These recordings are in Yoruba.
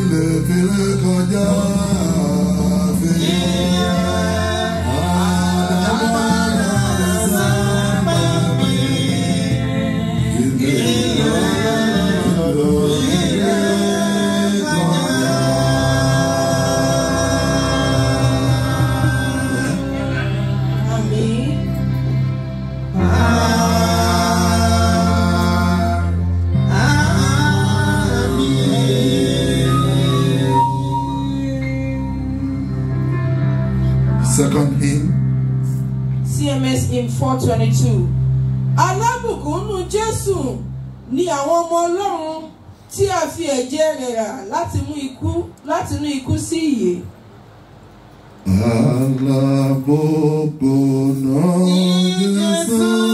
live, in bile kajar àwọn ọmọ ọlọ́run tí a fi ẹ̀jẹ̀ rẹ̀ rà láti mú ikú láti mú ikú sí ìyè. Alábòbò náà Jésù.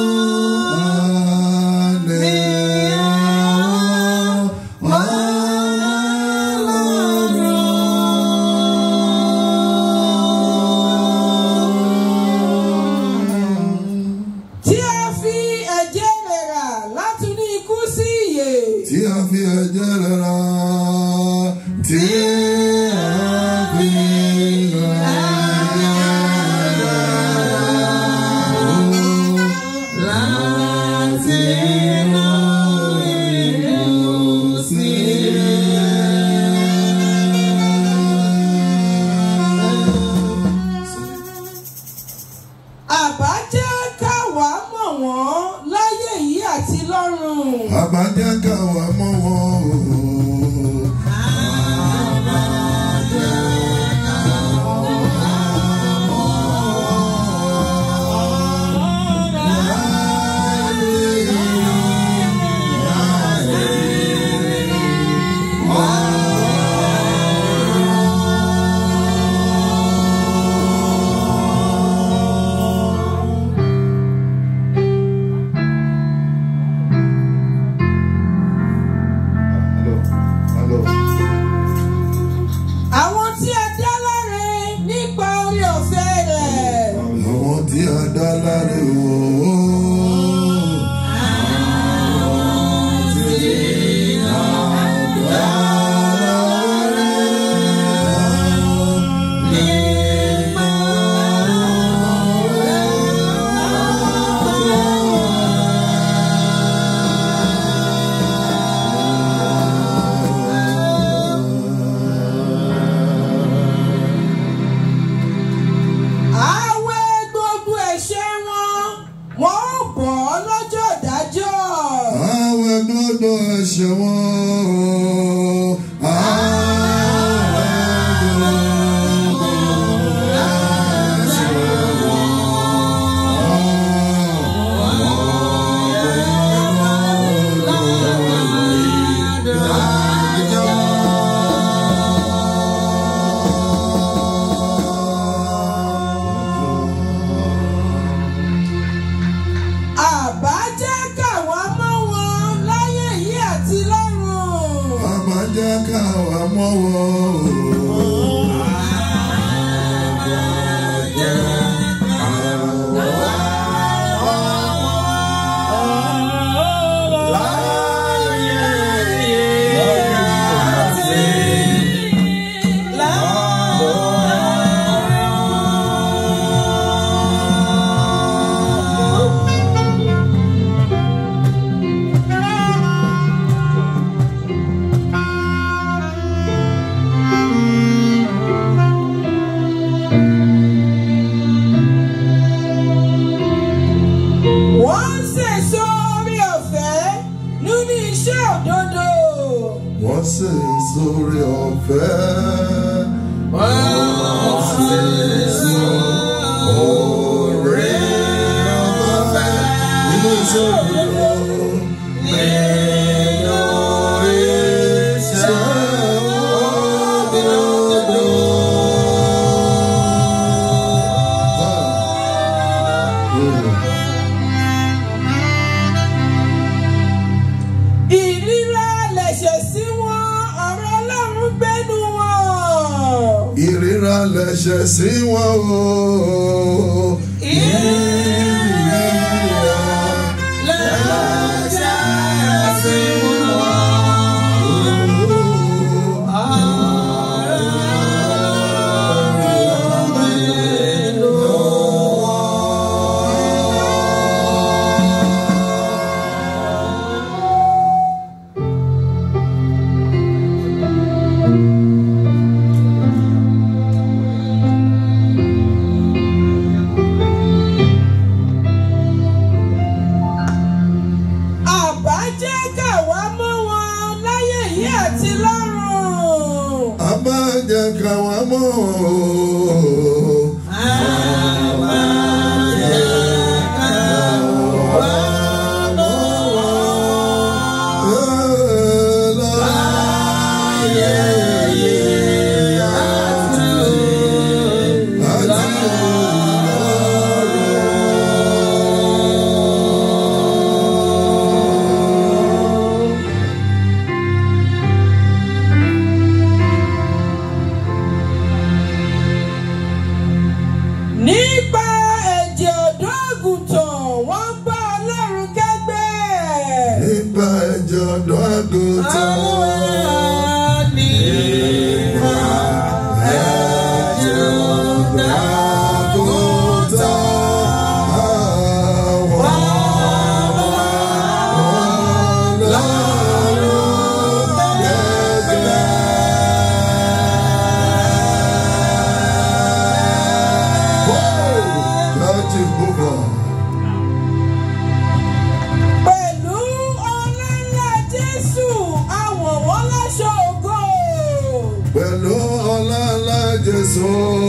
soul.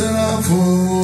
será for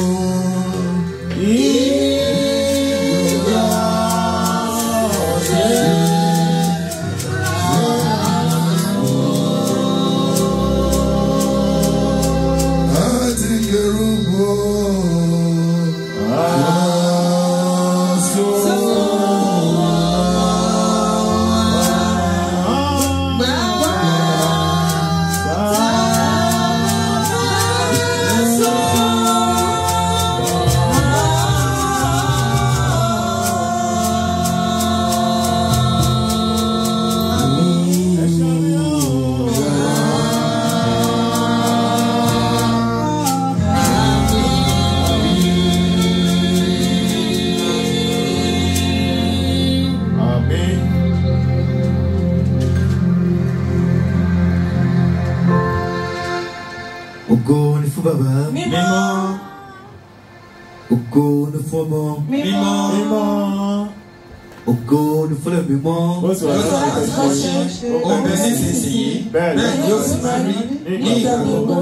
òun nísinsìnyí bẹ́ẹ̀ ni yóò sì máa rí ní ìgbà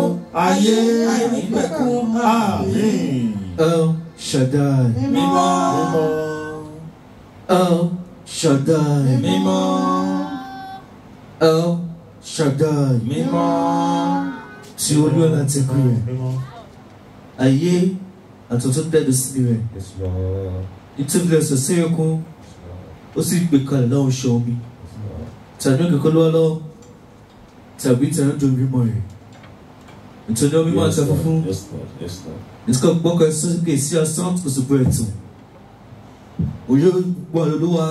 ayé àìnípẹ̀kun àmín. El Shaddai Mimo. El Shaddai Mimo. El Shaddai mímọ́ tí olúwa láti kú rẹ̀ ayé àtúntún dẹ́dọ̀ síbi rẹ̀ nítorí ẹ̀sọ̀ sí ẹ̀kún ó sì gbé kalẹ̀ náà ń ṣe tẹ̀dún kíkọ́lúwa lọ tàbí tẹ̀dún tó bímọ rẹ̀ ìtọ́jú mímọ́ àti funfun ìtọ́ gbọ́kọ̀ sókè sí asán kò sì bẹ̀rẹ̀ tán òye gbọ́ àlọ́lọ́wà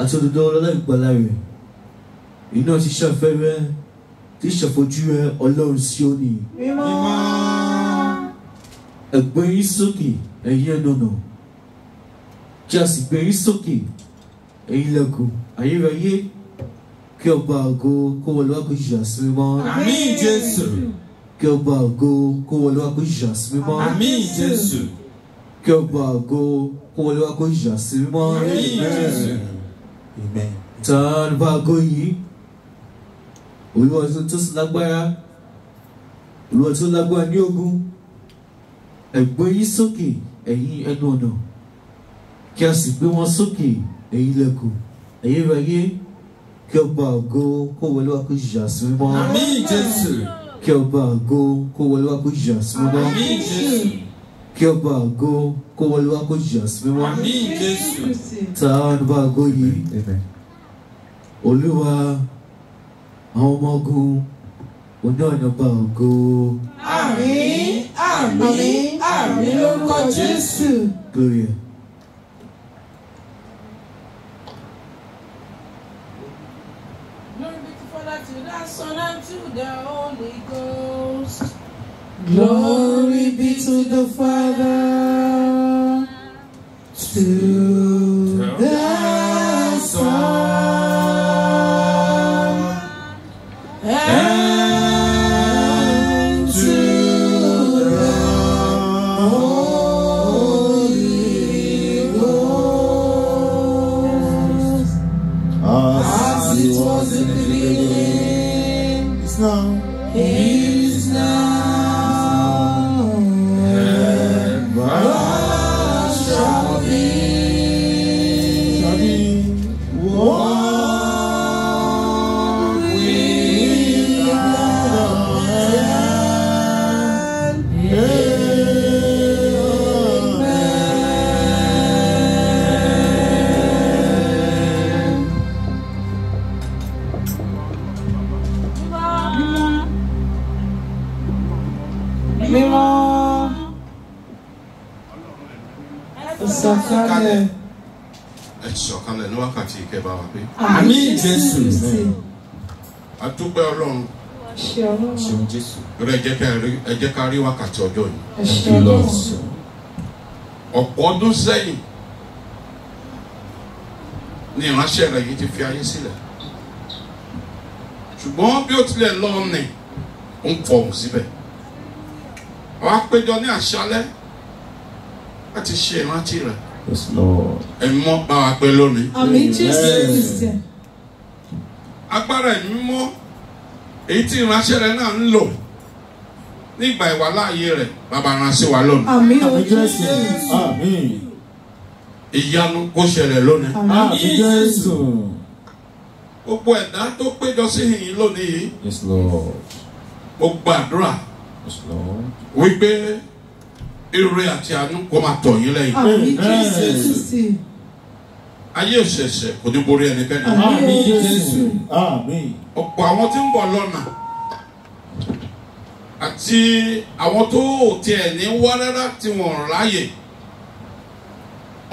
àti òdodo ọlọ́lá ìgbàlá rẹ̀ iná ti ṣàfẹ́rẹ́ tí ṣàfojú rẹ̀ ọlọ́run sí òní. ẹ̀gbẹ́ yín sókè ẹ̀yin ẹ̀nànà kí a sì gbé yín sókè ẹ̀yin lẹ́kùn ayérayé kí ọgbà ògo kó wọlé wá kó jìjà sí mímọ́. àmín jésù. kí ọgbà ògo kó wọlé wá kó jìjà sí mímọ́. àmín jésù. kí ọgbà ògo kó wọlé wá kó jìjà sí mímọ́. àmín jésù. amen. tán bá ògo yìí olúwa tó lágbára olúwa tó lágbára ní ogun ẹ gbé yín sókè ẹ̀yin ẹnu ọ̀nà kí a sì gbé wọn sókè ẹ̀yin lẹ́kùn ẹ̀yin rẹ̀ yé kí ọba ògo kó wọlé wá kó yà sí mímọ́. àmín jésù. kí ọba ògo kó wọlé wá kó yà sí mímọ́. àmín jésù. kí ọba ògo kó wọlé wá kó yà sí mímọ́. àmín jésù. ta ọba ògo yìí olúwa àwọn ọmọ ogun oní ọ̀nà to the Son, and to the Holy Ghost. Glory be to the Father, to rẹ ẹ jẹ́ ká rí wákàtí ọjọ́ yìí. ọ̀pọ̀ ọdún sẹ́yìn ni ìránṣẹ́ rẹ̀ yìí ti fi ayé sílẹ̀ ṣùgbọ́n bí ó tilẹ̀ lọ ní ń fọ̀hún síbẹ̀ wàá péjọ ní àṣálẹ́ láti ṣe ìrántí rẹ̀ ẹ mọ́ bá wa pé lónìí. àmín Jésù Kristi. agbára ẹ̀mí mọ́ èyí tí ìránṣẹ́ rẹ̀ náà ń lò nígbà ìwàláàyè rẹ̀ bàbá rán sí wa lónìí. àmín o jésù àmín. ìyanu kó ṣẹlẹ̀ lónìí. àmín jésù. gbogbo ẹ̀dá tó péjọ sí ìyìn lónìí yes lord. mo gbàdúrà. yes lord. wípé ire àti àánú kó máa tọ̀ yín lẹ́yìn. àmín jésù. ayé òṣèṣe kò ní borí ẹnikẹ́ni. àmín jésù. àmín. ọ̀pọ̀ àwọn tí ń bọ̀ lọ́nà àti àwọn tó tiẹ̀ ní wá rárá tí wọ́n ráyè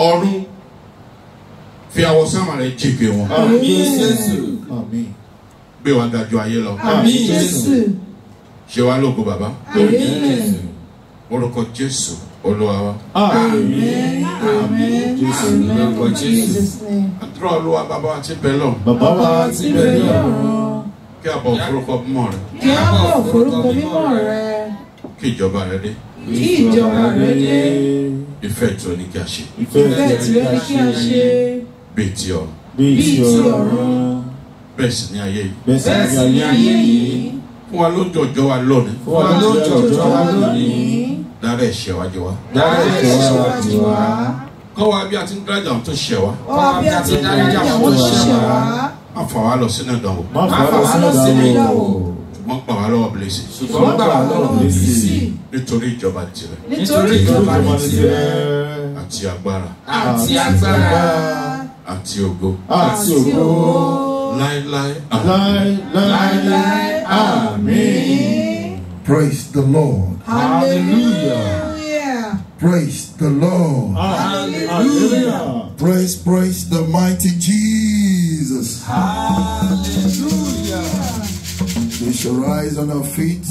ọ̀run fi àwọ̀ sáàmà rẹ̀ jègbè wọn. àmín jésù. àmín gbé wa ga ju ayé lọ. àmín jésù. ṣé wàá lóko bàbá. àmín jésù. orúkọ jésù olúwa wa. àmín àmín jésù orúkọ jésù. àdúrà olúwa bàbá wa ti bẹ̀ lọ. bàbá wa ti bẹ̀ lọ kí àbọ̀ òfurufú mímọ́ rẹ. kí àbọ̀ òfurufú mímọ́ rẹ. kí ìjọba rẹ dé. kí ìjọba rẹ dé. ìfẹ́ tí ó ní kí a ṣe. ìfẹ́ tí ó ní kí a ṣe. bíi ti ọ̀run. bíi ti ọ̀run. bẹ́ẹ̀ sì ni ayé yìí. bẹ́ẹ̀ sì ni ayé yìí. fún wa lójoojọ́ wa lónìí. fún wa lójoojọ́ wa lónìí. dára ẹ̀ṣẹ̀ wa jì wá. dára ẹ̀ṣẹ̀ wa jì wá. kọ́ wa bí a ti ń dára ìjà tó ṣẹ̀ wá. kọ́ wa bí a ti ń dára ìjà tó ṣẹ̀ wá má fà wá lọ sínú ìdánwò. má fà wá lọ sínú ìdánwò. ṣùgbọ́n gbà wá lọ́wọ́ bílẹ̀sì. ṣùgbọ́n gbà wá lọ́wọ́ bílẹ̀sì. nítorí ìjọba tirẹ̀. nítorí ìjọba tirẹ̀. àti agbára. àti agbára. àti ògo. àti ògo. láéláé. láéláé. àmín. praise the lord. hallelujah. Praise the Lord. Hallelujah. Praise, praise the mighty Jesus. Jesus. Hallelujah. We shall rise on our feet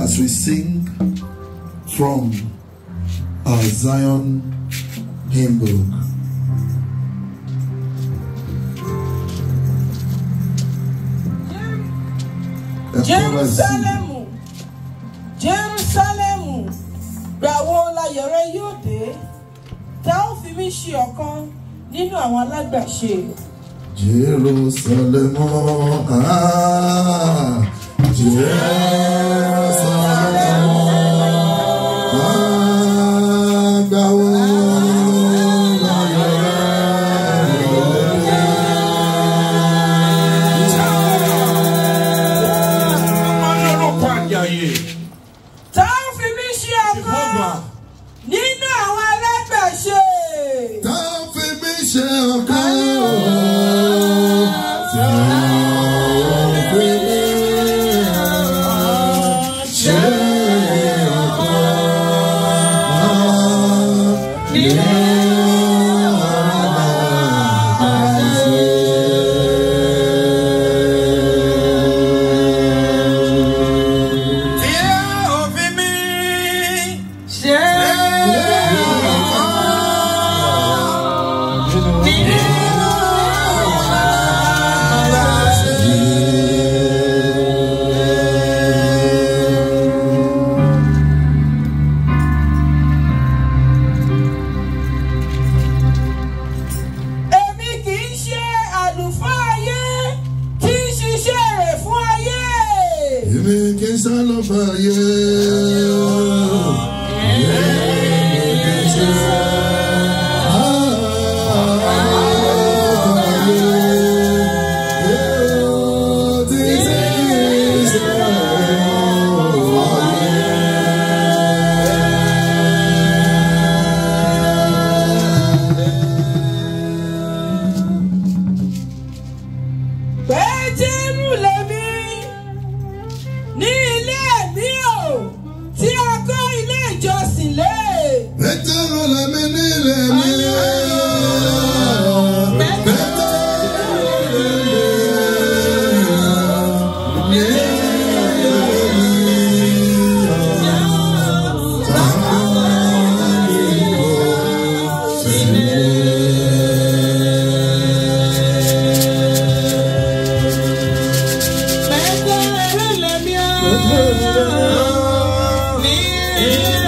as we sing from our Zion hymn book. Jerusalem, Jerusalem, gbàwo la yọ̀rẹ́ yóò dé, ta nínú àwọn alágbàṣe. jerusalemu ah jerusalemu. Yeah.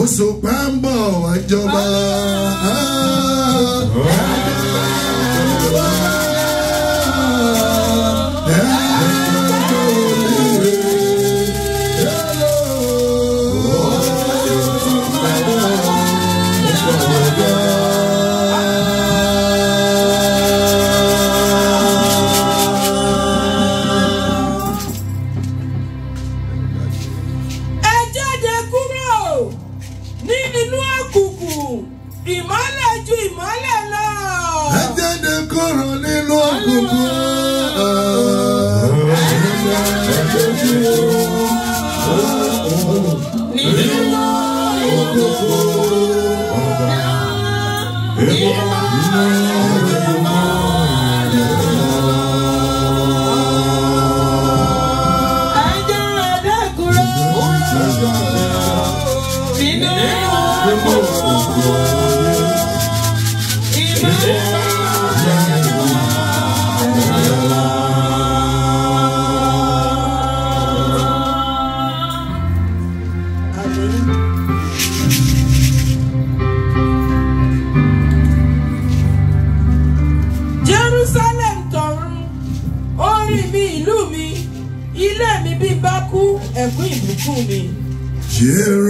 òṣùpá ń bọ̀ wá Yeah.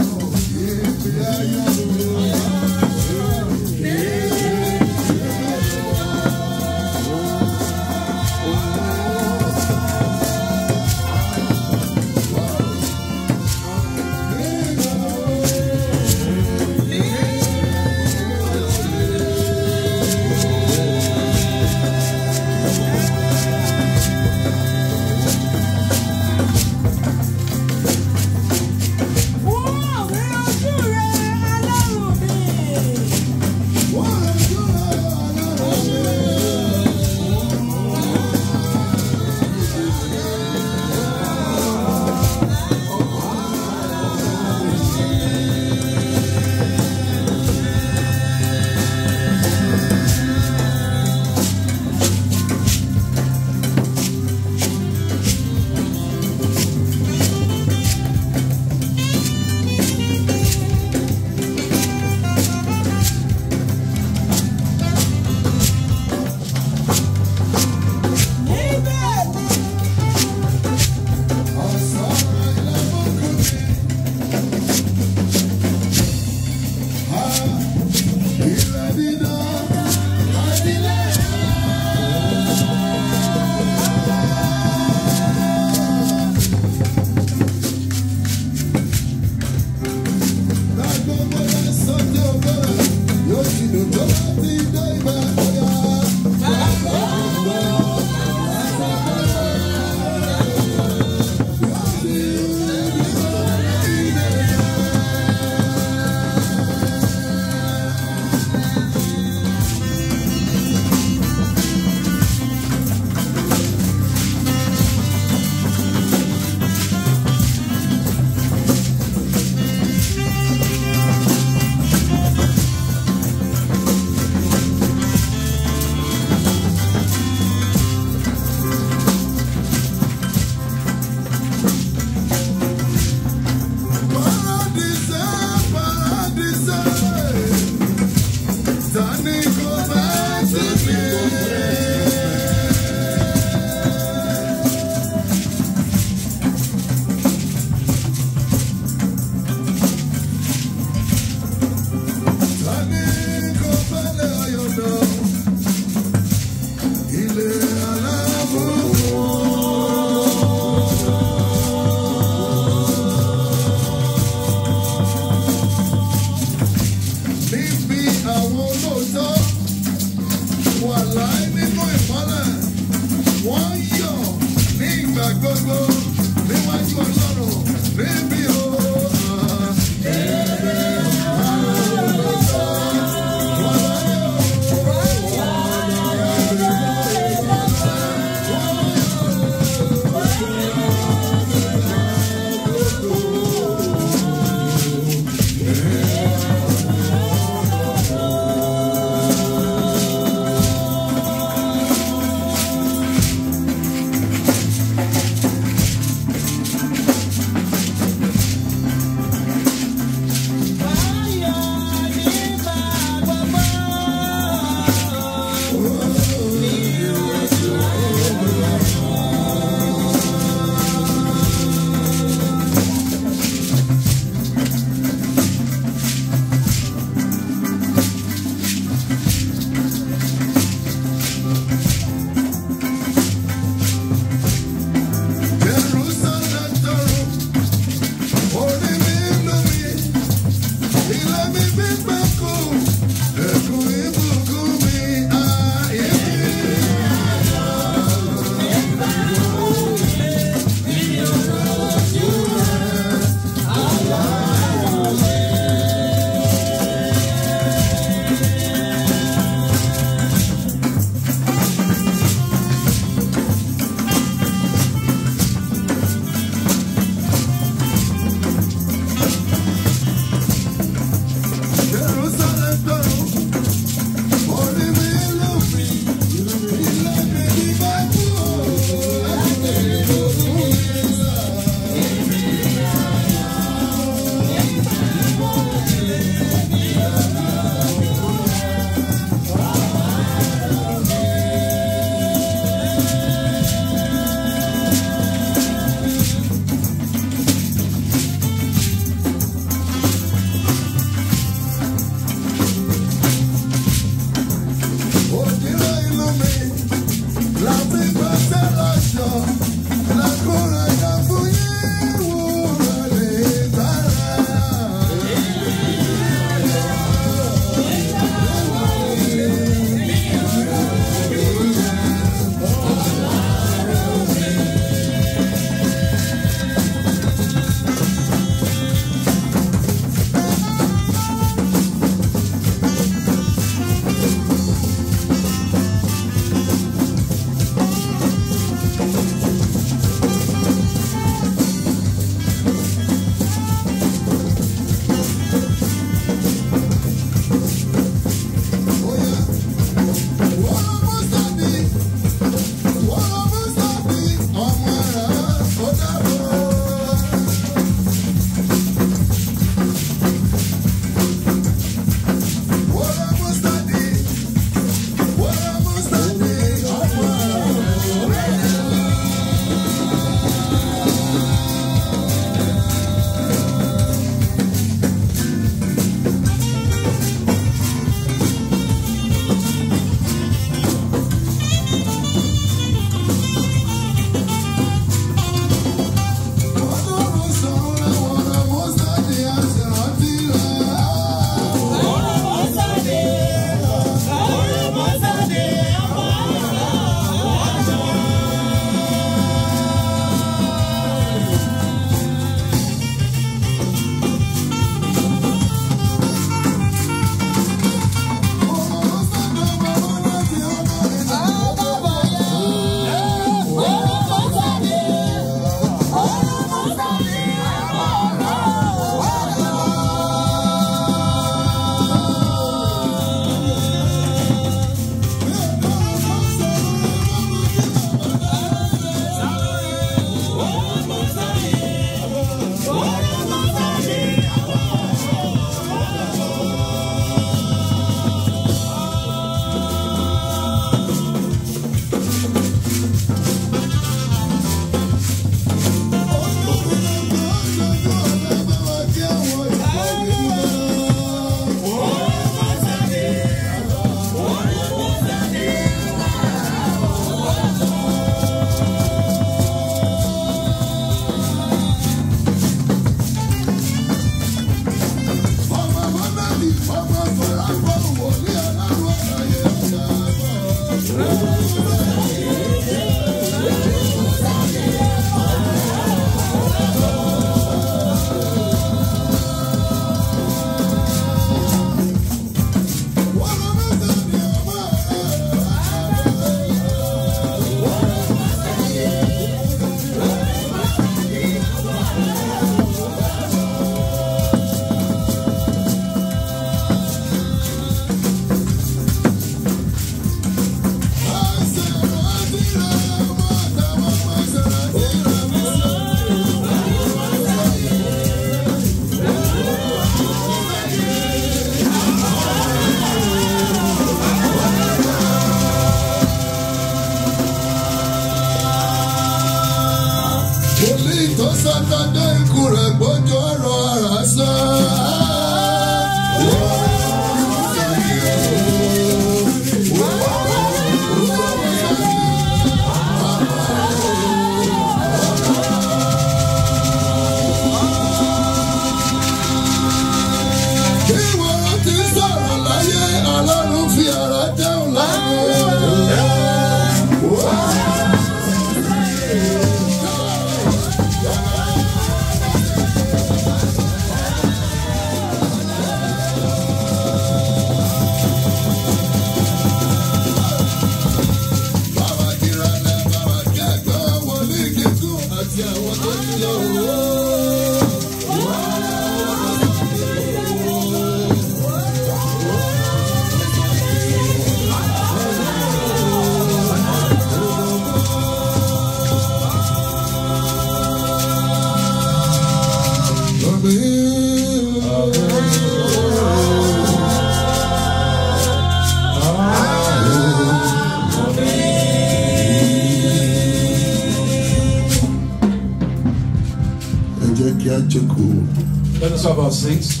about six.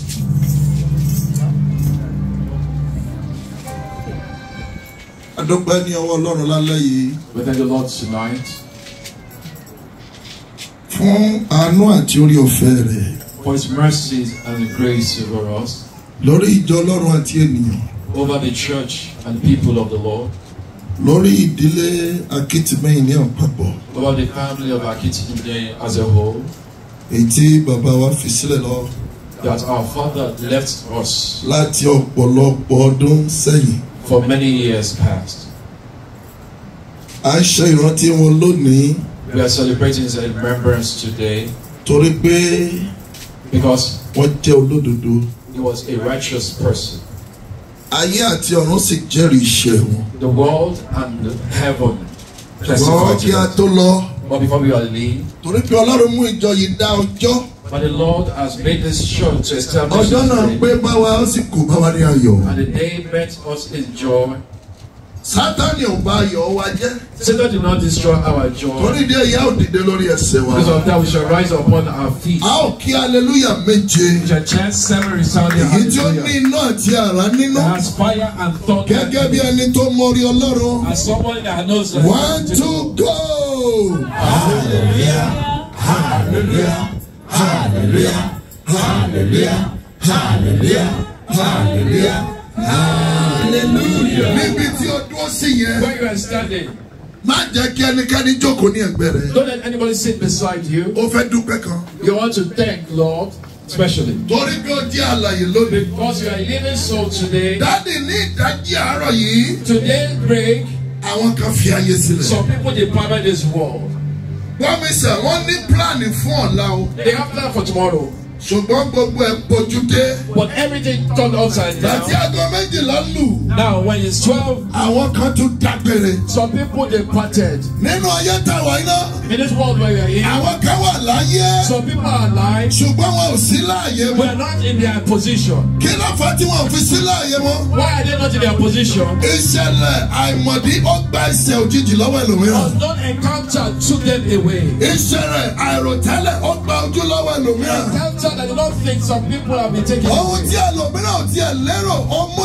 Adúpẹ́ ní ọwọ́ Ọlọ́run lálẹ́ yìí. We thank the Lord tonight. Fún àánú àti orí ọ̀fẹ́ rẹ̀. For his mercies and grace over us. Lórí ìjọ Ọlọ́run àti ènìyàn. Over the church and people of the Lord. Lórí ìdílé Akitimehin ní àpapọ̀. Over the family of Akitimehin as a whole. Èyí tí bàbá wa fi sílẹ̀ lọ that our father left us. Láti ọ̀pọ̀lọpọ̀ ọdún sẹ́yìn. For many years past. À ń ṣe ìrántí wọn lónìí. We are celebrating their remembrance today. Torí pé. Because. Wọ́n jẹ́ olódodo. He was a righteous person. Ayé àti ọ̀run sì jẹ́rìí iṣẹ́ wọn. The world and heaven. Ṣùgbọ́n kí a tó lọ. But before we all leave. Torí pé Ọlọ́run mú ìjọ yìí dá ọjọ́. But the Lord has made this sure to establish. Ọjọ́ náà pé báwa ó sì kó báwa ní ayọ̀. And the day met us in joy. Sátánì ò bá yọ̀ wá jẹ́. Satan did not destroy our joy. Torí díẹ̀ ìyá ò lórí ẹsẹ̀ wa. Because of that we shall rise upon our feet. A ó kí hallelujah méje. We shall chant seven resounding hallelujah. Èyí tí ó ní iná àti àrá nínú. That has fire and thunder. Gẹ́gẹ́ bí ẹni tó mọrí Ọlọ́run. As someone that knows the Lord. One two go. Hallelujah, hallelujah, hallelujah, hallelujah, hallelujah, hallelujah, hallelujah hallelujah. níbi tí o dúró sí yẹn. where you are standing. Má jẹ́ kí ẹnikẹ́ni jókòó ní ẹgbẹ́ rẹ. Don't let anybody sit beside you. O fẹ́ dúpẹ́ kan. You want to thank Lord especially. torí bí o jẹ́ àlàyé lónìí. because you are living so today. dáàdi ní ìdájí àárọ̀ yìí. today break. àwọn kan fi ayé sílẹ̀. some people dey pamper this world. wọ́n mi sẹ́ wọ́n ní plan fún ọ̀la o. they have plan for tomorrow ṣùgbọ́n gbogbo ẹ̀ pojú dé. but everything turned upside down. láti aago méjìlá lù. now when it's twelve. àwọn kan tún dágbére. some people dey parted. nínú ayé tá iná. in this world where we are in. àwọn kan wà láyé. some people are alive. ṣùgbọ́n wọn ò sí láàyè mọ́. we are not in their position. kí ló fà tí wọn ò fi sí láàyè mọ́. why are they not in their position. ìṣẹ̀lẹ̀ àìmọ̀dí ó gba ìṣẹ̀ òjijì lọ́wọ́ ẹlòmíràn. unknown encounter took them away. ìṣẹ̀lẹ̀ àìròtẹ́lẹ̀ ó gba ojú lọ́wọ́ ẹlòmíràn. encounter answer that the Lord thinks some people have been taking. Ohun tí ẹlòmíràn ò tiẹ̀ lérò, ó mú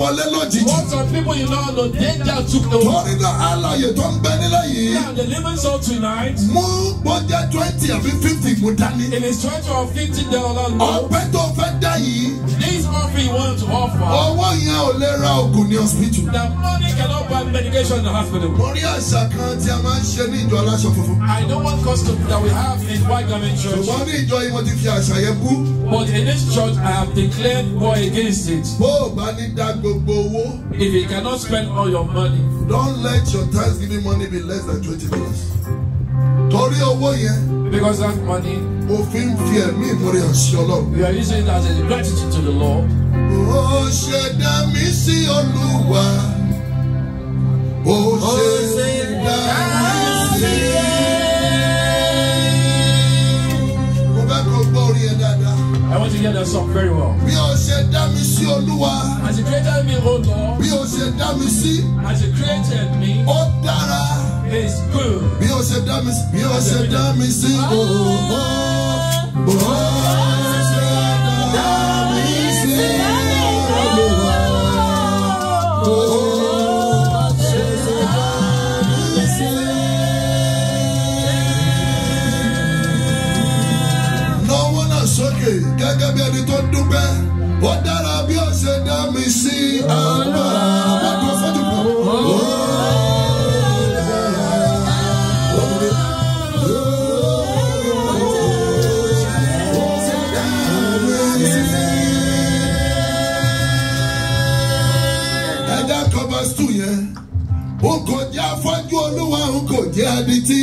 wọlé lójijì. What some people you know know danger took over. Torí náà alààyè tó ń bẹ nílẹ̀ yìí. Yeah, the living soul tonight. Mú bọ́jà twenty àbí fifty kù dání. It is twenty or fifty dollars. Ọ̀pẹ tó fẹ́ dá yìí. This offering you want to offer. Owó yẹn ò lè ra oògùn ní hospital. The money cannot buy medication in the hospital. Mo rí àṣà kan tí a máa ń ṣe ní ìjọ aláṣọ funfun. I know one custom that we have in white garment church. Ṣùgbọ́n ní ìjọ yìí mo ti fi àṣà. But in this church, I have declared war against it. If you cannot spend all your money. Don't let your Thanksgiving money be less than twenty dollars. Torí owó yẹn. Because that money. will fill fear, me and sí Ọlọ́run. You are using it as a gratitude to the Lord. Oh, ṣe dá mi sí Olúwa. Ó ṣe dá mi sí Olúwa. I want to hear that song very well. Bí o ṣe dá mi sí Olúwa. As you created me, O Lord. Bí o ṣe dá mi sí. As you created me. Ó dára. It's good. Bí o ṣe dá mi sí. Bí o ṣe dá mi sí. Ó ṣe dá gẹ́gẹ́ bí ẹni tó dúpẹ́ ó dára bí ó ṣe dá mi sí àná àbájọ fọ́jú pọ̀. two yẹn. N kò jẹ́ afọ́jú olúwa, n kò jẹ́ adití.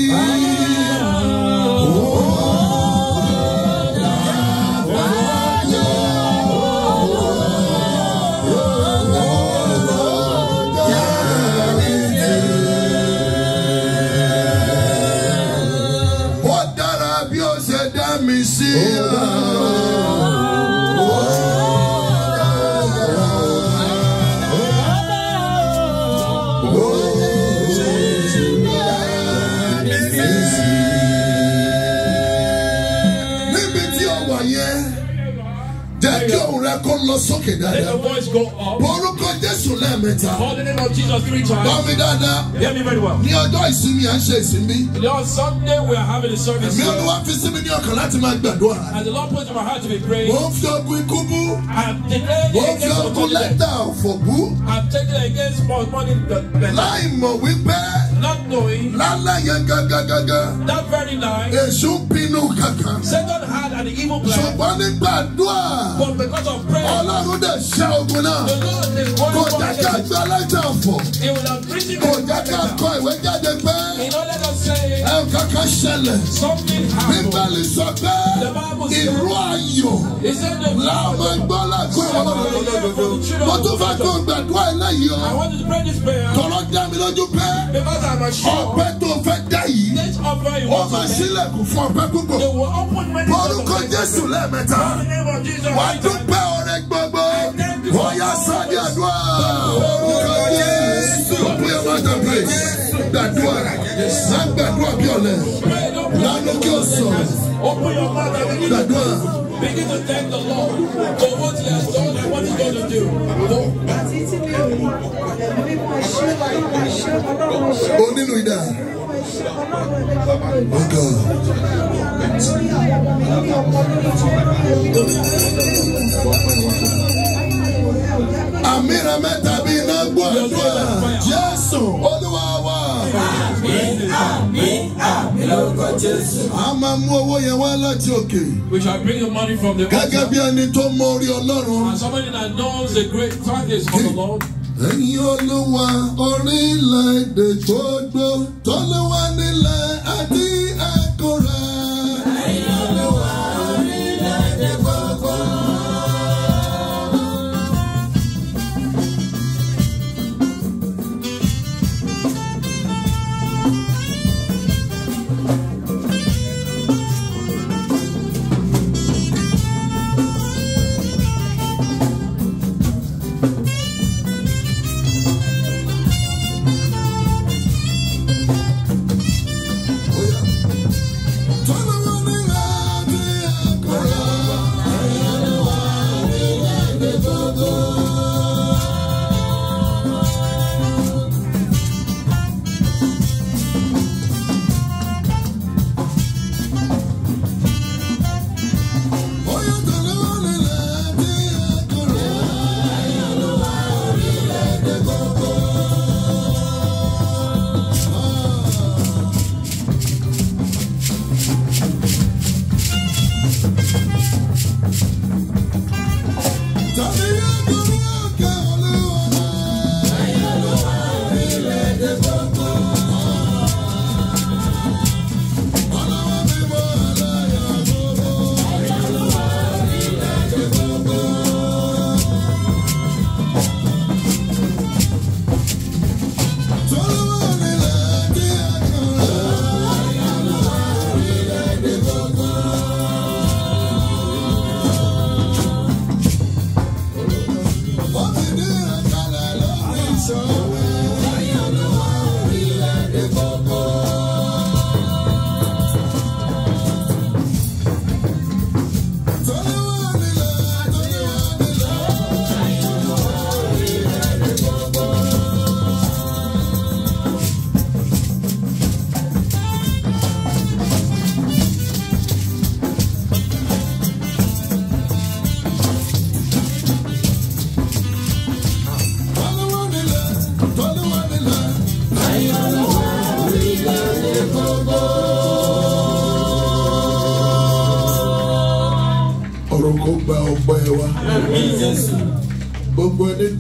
Let the voice go up. Orúkọ Call the name of Jesus three times. Hear me very well. Ní ọjọ́ ìsinmi à ń ṣe ìsinmi. On Sunday we are having a service. Ẹ̀mí Olúwa fi sí mi ní ọkàn láti máa gbàdúrà. And the Lord put in my heart to be praying. bú. I'm declaring against ọ̀tọ̀lẹ̀. Mo bú. I'm taking against false money. Láì mọ̀ wípé. Not knowing. That very night. Èṣù pinnu kankan. Satan and the evil plan. ṣùgbọ́n nígbàdúrà. but because of prayer. ọlọ́run dẹ̀ ṣe ogun náà. the Lord is going to fight. kò jẹ́ ká gbé aláìsàn fọ̀. he will have written it. kò jẹ́ ká kọ ìwé jáde pé. he no let us nǹkankan ṣẹlẹ̀ bíbélì sọ pé ìró ayọ̀ láwọn ẹgbẹ́ ọlọ́gbọ́n olódodo mo tún fẹ́ kó gbàdúrà eléyìí o tọ́lọ́ dá to lójú pé ọ̀pẹ tó fẹ́ dá yìí ó máa ṣílẹ̀kùn fún ọ̀pẹ púpọ̀ orúkọ Jésù lẹ́ẹ̀mẹ́ta wà á dúpẹ́ ọrẹ gbogbo ó yá sáà ní àdúrà orúkọ Jésù ó pè é mọ́tò pèsè gbàdúrà má gbàdúrà bí ọ̀lẹ lánàá kí o sọ gbàdúrà. Begin to thank the Lord for what He has done and what He's going to do. Onínú ìdá. Ọgọ. Àmì rẹ̀ mẹ́ta bíi iná gbọ́ àdúrà. Jésù, Olúwa. Àmín, àmín, àmín lórúkọ Jésù. A bring the money from the altar. Gẹ́gẹ́ somebody that knows the great practice of the Lord. Ẹ̀yin Olúwa orílẹ̀-èdè tó gbó, tọ́lúwa nílẹ̀ àti ẹ̀kọ́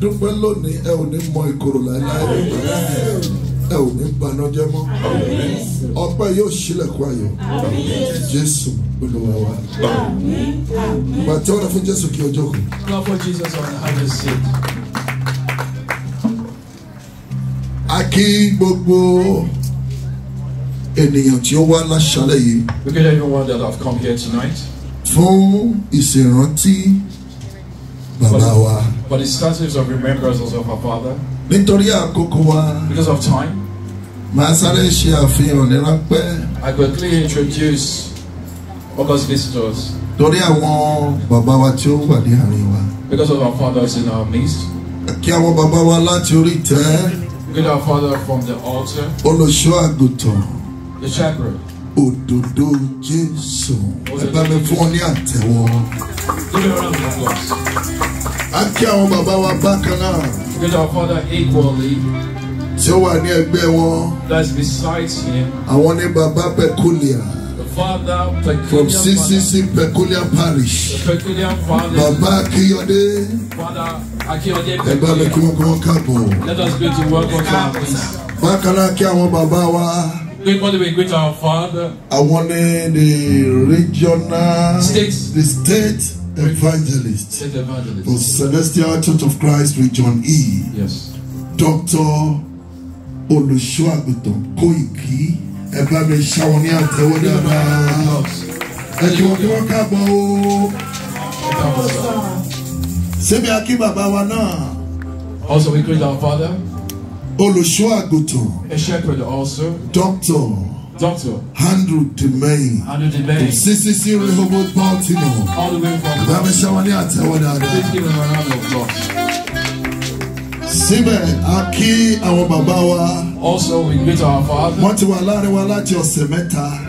dúpẹ́ lónìí ẹ ò ní mọ ìkorò láéláé ẹ ò ní gbanújẹ́ mọ́ ọpẹ́ yóò ṣílẹ̀kùn ayọ̀ Jésù Olúwa wa pàtẹ́ ọ̀rọ̀ fún Jésù kí ọjọ́ kù. a kí gbogbo ènìyàn tí ó wá láṣálẹ́ yìí. we get everyone that have come here tonight. fún ìsìnrántí. But it starts with a remembrance of our father. Nítorí àkókò wa. Because of time. Màá sáré ṣe àfihàn ní ráńpẹ́. I quickly introduce August visitors. Torí àwọn bàbá wa tí ó wà ní àárín wa. Because of our fathers in our midst. Kí àwọn bàbá wa láti orí ìtẹ́. Good our father from the altar. Olùṣọ́ àgùntàn. The shepherd. Òdòdó Jésù. Ẹ bá mi fún ọ ní àtẹ̀wọ́. Give me a round of applause a kí àwọn bàbá wa bákan náà. Because our father equally. Tí ó wà ní ẹgbẹ́ wọn. That's besides him. Àwọn ní bàbá peculiar. The father peculiar. From CCC peculiar parish. The peculiar father. Bàbá Akínyọ̀dé. Father Akínyọ̀dé peculiar. Ẹgbẹ́ mi kí wọ́n kí wọ́n káàbọ̀. Let us greet you welcome to our place. Bákan náà kí àwọn bàbá wa. Great Father, we greet our Father. Àwọn ní the regional. State. The state evangelist, evangelist. for Celestial Church of Christ with John E. Yes. Dr. Olùṣọ́àgùtàn Kóìkì ẹ bá mi thank you, thank you, thank you, wọ́n kí wọ́n káàbọ̀ o. Ṣebí a kí bàbá wa náà. Also we greet our father. Olùṣọ́àgùtàn. A shepherd also. Doctor. Doctor Andrew Demain Andrew Demain CCC Rehoboth Baltimore all the way from Ìbámisẹ́wọ́lé àtẹ̀wọ́dáadáa. Thank you very much. Síbẹ̀ a kí àwọn bàbá wa. Also, we greet our father. He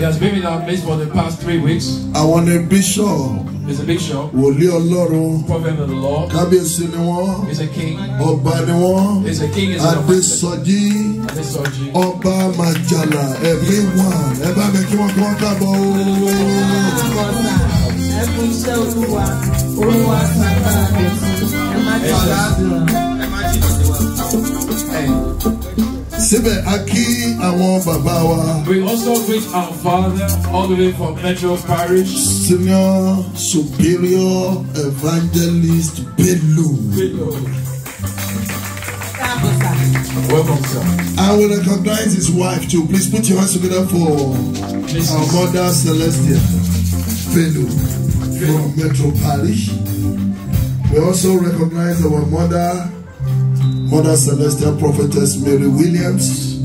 has been in our midst for the past three weeks. I want to be sure. It's a big show. Ọlọ́run. Prophet of the Lord. Kábíyèsí ni wọ́n. He is a king. Ọba ni wọ́n. He is a king. Adésọjí. Adésọjí. Ọba Màjàlá everyone. Ẹ bá mi kí wọ́n kí wọ́n kábọ̀ o. Ẹ kú iṣẹ́ olúwa, olúwa sábà rẹ̀ sí. Ẹ má jẹ́ ọ̀la àdúrà. Ẹ má jìnnà sí wa. Síbẹ̀ a kí àwọn bàbá wa. We also greet our father all the way from Metro Parish. Senior Superior Evangelist Bello. Welcome, sir. I will recognize his wife too. Please put your hands together for Mrs. our mother Celestia Bello from Metro Parish. We also recognize our mother. Mother Celestial Prophetess Mary Williams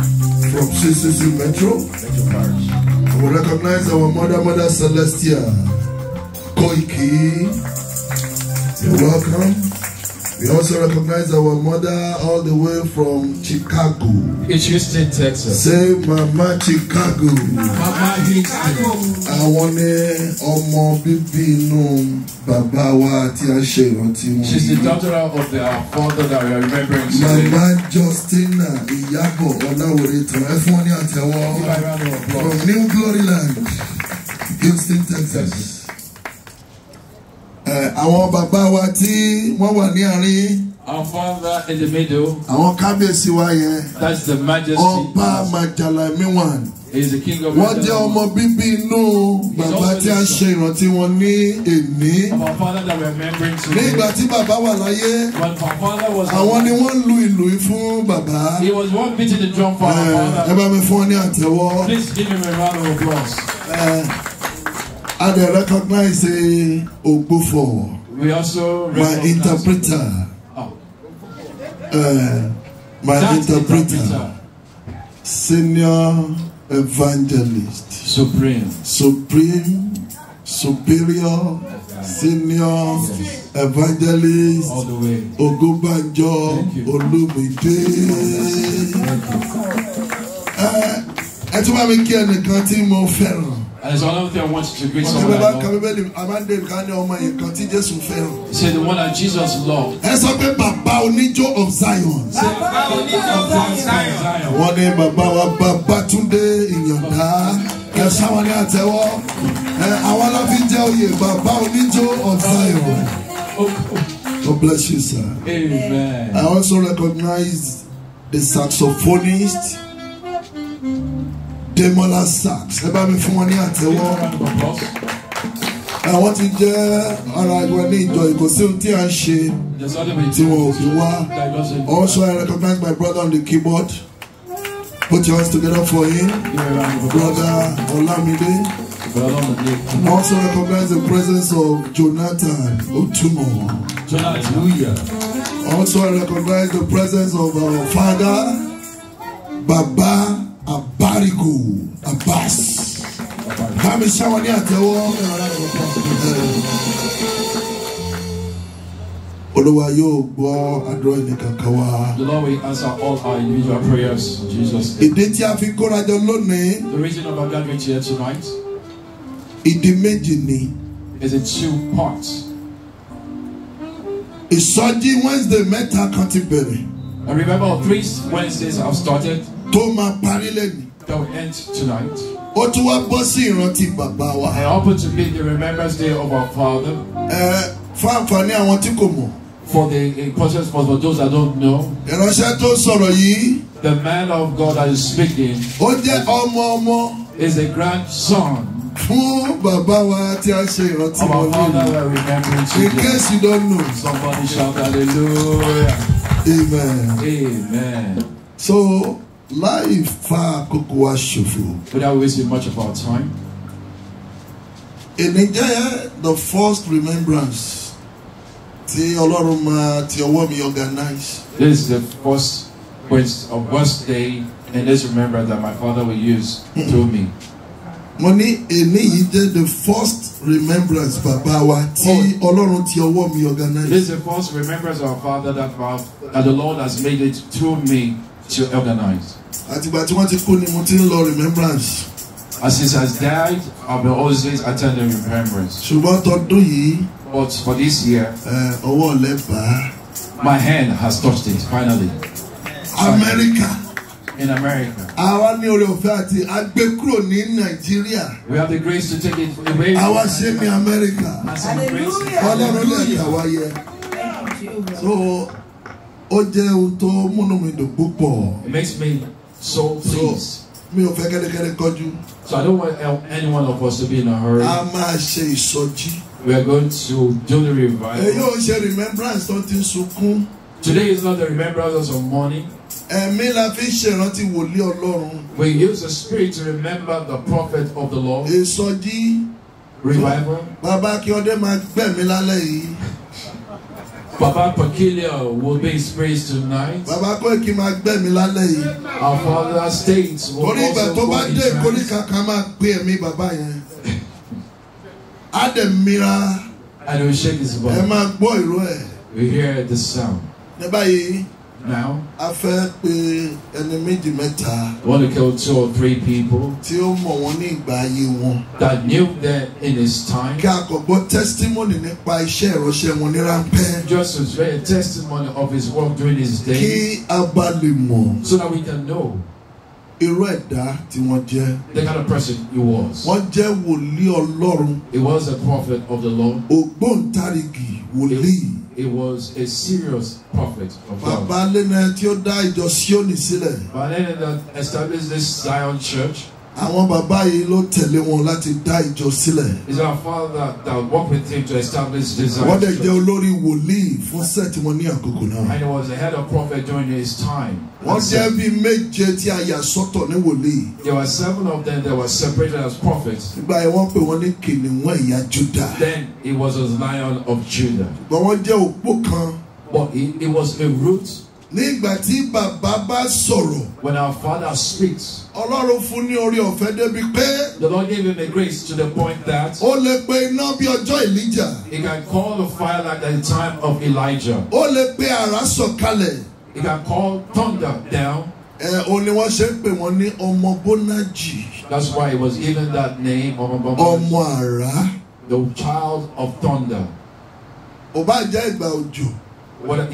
from CCC Metro. Metro we recognize our Mother, Mother Celestia Koiki. You're welcome. We also recognize our mother all the way from Chicago. Houston, Texas. Say Mama Chicago. Mama Houston. Àwọn ni Omo Bibi, no, Baba wa tí a She's the daughter of the father that we are remembering today. Mama Justina Ìyábọ̀ Ọláwòrè tàn ẹ́ fún From New Glory Land, Houston, Texas. Yes. Eh, àwọn bàbá wa tí wọ́n wà ní àárín. Our father in the middle. Àwọn kábíyèsí wa yẹn. That's the majesty. Ọba Majalamiwan. Is the king of Wọ́n jẹ́ ọmọ bíbí inú bàbá tí a ṣe ìrántí wọn ní èní. Our father that we are remembering today. Ní ìgbà tí bàbá wà láyé. When our father was alive. Àwọn ni wọ́n lu ìlù yìí fún bàbá. He was one beating the drum for our eh, father. Ẹ bá mi fún ọ ní àtẹ́wọ́. Please give him a round of applause. Uh, And I recognize uh, Ogbofo, we also my interpreter. Oh. Uh, my interpreter, interpreter, senior evangelist, supreme, supreme, superior, senior yes. evangelist, Ogunbanjo Olumide. Uh, ẹ tún bá mi kí ẹnìkan tí mo fẹ́ràn. And there's another thing I want to greet someone. He said the one that Jesus loved. Ẹ sọ pé bàbá of Zion. Bàbá oníjó of Zion. Wọ́n ní bàbá wa Babátúndé Ìyàndá. Ẹ sáwọn ní àtẹ́wọ́. Ẹ àwọn aláfi jẹ́ oyè bàbá of Zion. Oh, oh. God bless you sir. Amen. I also recognize the saxophonist. Adémọ́lá Sachs ẹ bá mi fún wọn ní àtẹ́wọ́ àwọn ti jẹ́ ara ìwà ní ìjọ ìkọsí ohun tí a ń ṣe tí wọn ò fi wá also I recognize my brother on the keyboard put your hands together for him brother Olamide also recognize the presence of Jonathan Otumo also I recognize the presence of our father Baba abarigo abas bámi sáwọn ní àtẹ́wọ́ olúwa yóò gbọ́ àdúrà ẹnìkankan wa. the lord will answer all our individual prayers jesus. ìdí tí a fi kórajọ lónìí. the reason of our gathering here tonight. ìdí méjì ni. is in two parts. ìsọjí wednesday mẹ́ta kan ti bẹ̀rẹ̀. and remember three wednesdays have started tó máa parí lẹ́nu. that end tonight. ó tún wá bọ́ sí ìrántí bàbá wa. I hope to be the remembrance day of our father. ẹ fún àǹfààní àwọn tí kò mọ̀. for the important for those that don't know. ìránṣẹ́ tó sọ̀rọ̀ yìí. the man of God that is speaking. ó jẹ́ ọmọ ọmọ. is a grandson. fún bàbá wa tí a ṣe ìrántí wọn lónìí. in case you don't know. somebody shout hallelujah. amen. amen. so. Life far àkókò wa ṣòfò. without wasting much of our time. èmi jẹ́ the first remembrance tí Ọlọ́run máa ti ọwọ́ mi organize. this is the first point of birthday and this remembrance that my father will use hmm. through me. mo ní èmi the first remembrance bàbá wa tí Ọlọ́run ti ọwọ́ mi organize. this is the first remembrance of our father that, that the Lord has made it through me to organize. Àtìgbà tí wọ́n ti kú ni mo ti ń lọ remembrance. As he has died, I will always attend the remembrance. Ṣùgbọ́n tọdún yìí. But for this year. Ọwọ́ lẹ́bàá. My hand has touched it finally. America. In America. Àwa ní oore ọ̀fẹ́ àti agbẹ́kúrò ní Nàìjíríà. We have the grace to take it away. Àwa ṣe ní America. Hallelujah. Ọlọ́run lè kàwá yẹ. So ó jẹ́ ohun tó múnú mi dùn púpọ̀. it makes me so pleased. mi ò fẹ́ kẹ́dẹ́kẹ́dẹ́ kọjú. so I don't want any one of us to be in a hurry. a máa ṣe ìsọjí. we are going to do the revival. èyí ò ṣe remembrance tó ti sunkún. today is not the remembrance of some Ẹ̀mí la fi ṣèrántí wòlíì Ọlọ́run. We use the spirit to remember the prophet of the Lord. Ìsọjí. Revival. Bàbá Akíọ́dé máa gbẹ̀mí lálẹ́ yìí. Baba Peculiar will be praised tonight. Bàbá pé kí máa gbẹ́ mi lálẹ́ yìí. Our father states will also go in time. ìgbà tó bá dé ìkórìkà kan máa gbé ẹ̀mí bàbá yẹn. Á dẹ̀ mira. And he shake his body. Ẹ máa gbọ́ ìró ẹ̀. We hear the sound. Ní báyìí now. a fẹ́ pé ẹni méjì mẹ́ta. we want to kill two or three people. tí ó mọ̀ wọ́n ní ìgbà ayé wọn. that knew them in his time. kí a kò gbọ́ testimony nípa iṣẹ́ ìránṣẹ́ wọn ní ráńpẹ́. just to share a testimony of his work during his day. kí a bá lè mọ̀. so that we can know irú ẹ̀dá tí wọ́n jẹ́. the kind of person he was. wọ́n jẹ́ wòlíì Ọlọ́run. he was a prophet of the Lord. ògbóǹtarìgì wòlíì. He was a serious prophet of God. Bàbá Lẹ́nà that established this Zion church. Àwọn bàbá yìí ló tẹ̀lé wọn láti dá ìjọ sílẹ̀. It's our father that worked with him to establish this church. Wọ́n dẹ̀ jẹ́ olórí wòlíì fún sẹ́ẹ̀tì wọn ní àkókò náà. And he was the head of prophet during his time. Wọ́n jẹ́ bí méje tí a yà sọ́tọ̀ ní wòlíì. There were seven of them that were separated as prophets. Ìgbà yẹn wọ́n pè wọ́n ní kìnìún ẹ̀yà Júdà. Then he was a lion of Judah. But wọ́n jẹ́ òpó kan. But he, he was a root. Nígbà tí bàbá bá sọ̀rọ̀. When our father speaks. Ọlọ́run fún ní orí ọ̀fẹ́ débi pé. The Lord gave him the grace to the point that. Ó lè pe iná bí ọjọ́ Elijah. He can call the fire like the time of Elijah. Ó lè pe àrá sọ̀kalẹ̀. He can call thunder down. Ẹ o ni wọ́n ṣe ń pè wọ́n ní ọmọ Bónájì. That's why he was given that name ọmọ Bónájì. Ọmọ àrá. The child of thunder. Ó bá jẹ́ ìgbà òjò. Whether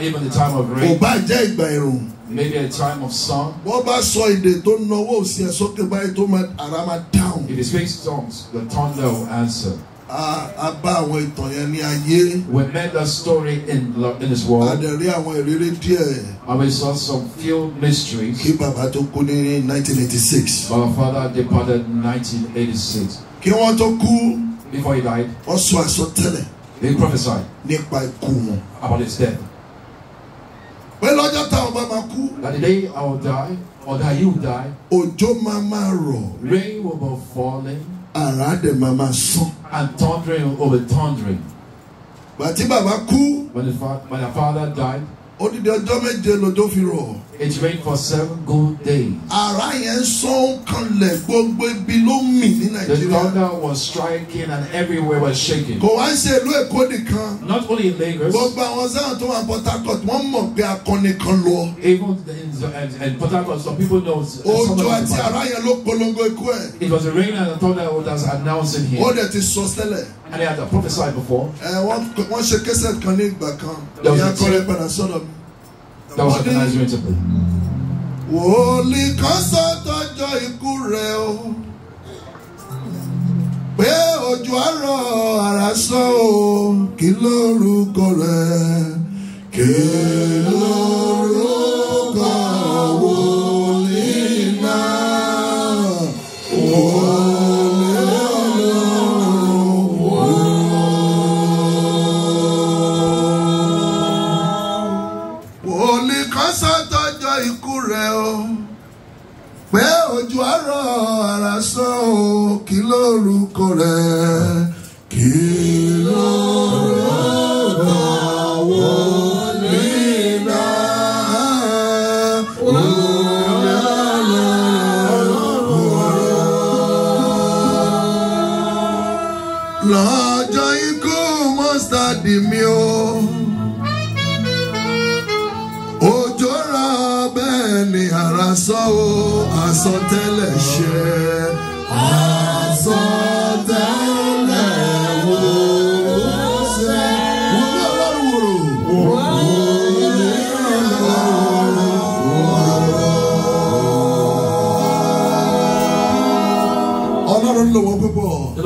even the time of rain. Kò bá jẹ́ ìgbà ẹ̀rùn. Maybe a time of sun. Wọ́n bá sọ èdè tó náwó òsì ẹ̀ sókè báyìí tó ara máa dáhùn. If they speak tongues, the thunder will answer. A bá àwọn ìtàn yẹn ní ayé. We met that story in in this world. A dẹ̀ rí àwọn ìrírí díẹ̀. And we saw some few mysteries. Kí bàbá tó kú ní 1986. Our father departed in 1986. Kí wọ́n tó kú. Before he died. Wọ́n sọ àsọtẹ́lẹ̀. They prophesied. Nípa ikú wọn. About his death. Pé lọ́jọ́ táwọn bá máa kú. That the day I will die or that you will die. Òjò máa máa rọ̀. Rain will be falling. Àrá dẹ̀ máa máa sán. And thundering will be thundering. Bàtí bàbá kú. When the when the father died. Odidi ọjọ́ méje lọ́jọ́ fi rọ̀. It rained for seven good days. Àrá yẹn sán kanlẹ̀ gbogbo ibi The thunder was striking and everywhere was shaking. Not only in Lagos. Gbogbo àwọn sáwọn tó wà Port Harcourt wọ́n Even in, in, in Port Harcourt some people know. Uh, it was the rain and the thunder was announcing him. Ó dẹ̀ sọ sẹ́lẹ̀. And they had prophesied before. Ẹ wọ́n ṣe That was recognized during temple. ikú rẹ̀ o. Pé òjò àrọ̀ àrà sọ o, kí lórúkọ rẹ̀, kí lórúkọ.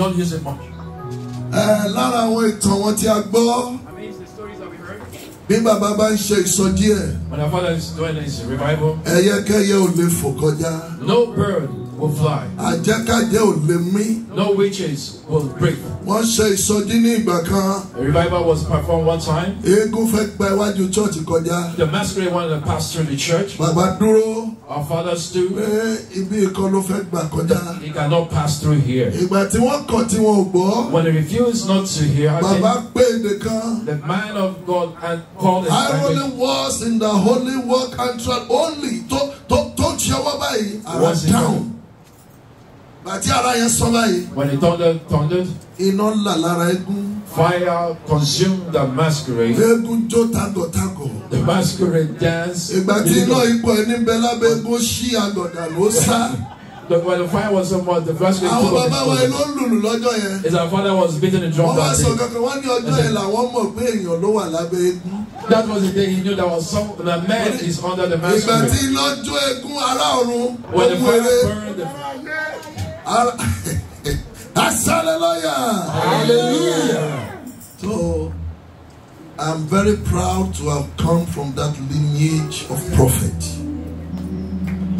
not use it much. Ẹ lára àwọn ìtàn wọn tí a gbọ́. Bí bàbá bá ń ṣe ìsọjí When our father is doing his revival. Ẹyẹkẹyẹ ò lè fò kọjá. No bird will fly. Àjẹkájẹ ò lè mí. No witches will break. Wọ́n ṣe ìsọjí ní ìgbà kan. A revival was performed one time. Eégún fẹ́ gba iwájú church kọjá. The masquerade wanted to pass through the church. Bàbá dúró. Our fathers too. Pé ibi kan ló fẹ́ gbà kọjá. He cannot pass through here. Ìgbà tí wọ́n kọ̀ tí wọn gbọ́. When he refuse not to hear. Bàbá gbé èdè The man of God and called his I only was in the holy work and trial only to to tó ṣe wá báyìí. I was down. Bàtí ara yẹn sọ báyìí. When he thundered, thundered. Iná là lára eégún. Fire consumed the masquerade. Eégún jó tangọ̀tangọ̀. The masquerade dance. Ìgbà tí iná ipò ẹni bẹ lábẹ́ eégún ṣí àgọ̀dà ló sá. The, when the fire was so much, the first thing. our bàbá wa ló ń lùlù lọ́jọ́ yẹn. father was beating the drum that day. That was the day he knew that was some the man is under the masquerade. When the fire burned the. Hallelujah. Hallelujah. So I'm very proud to have come from that lineage of prophet.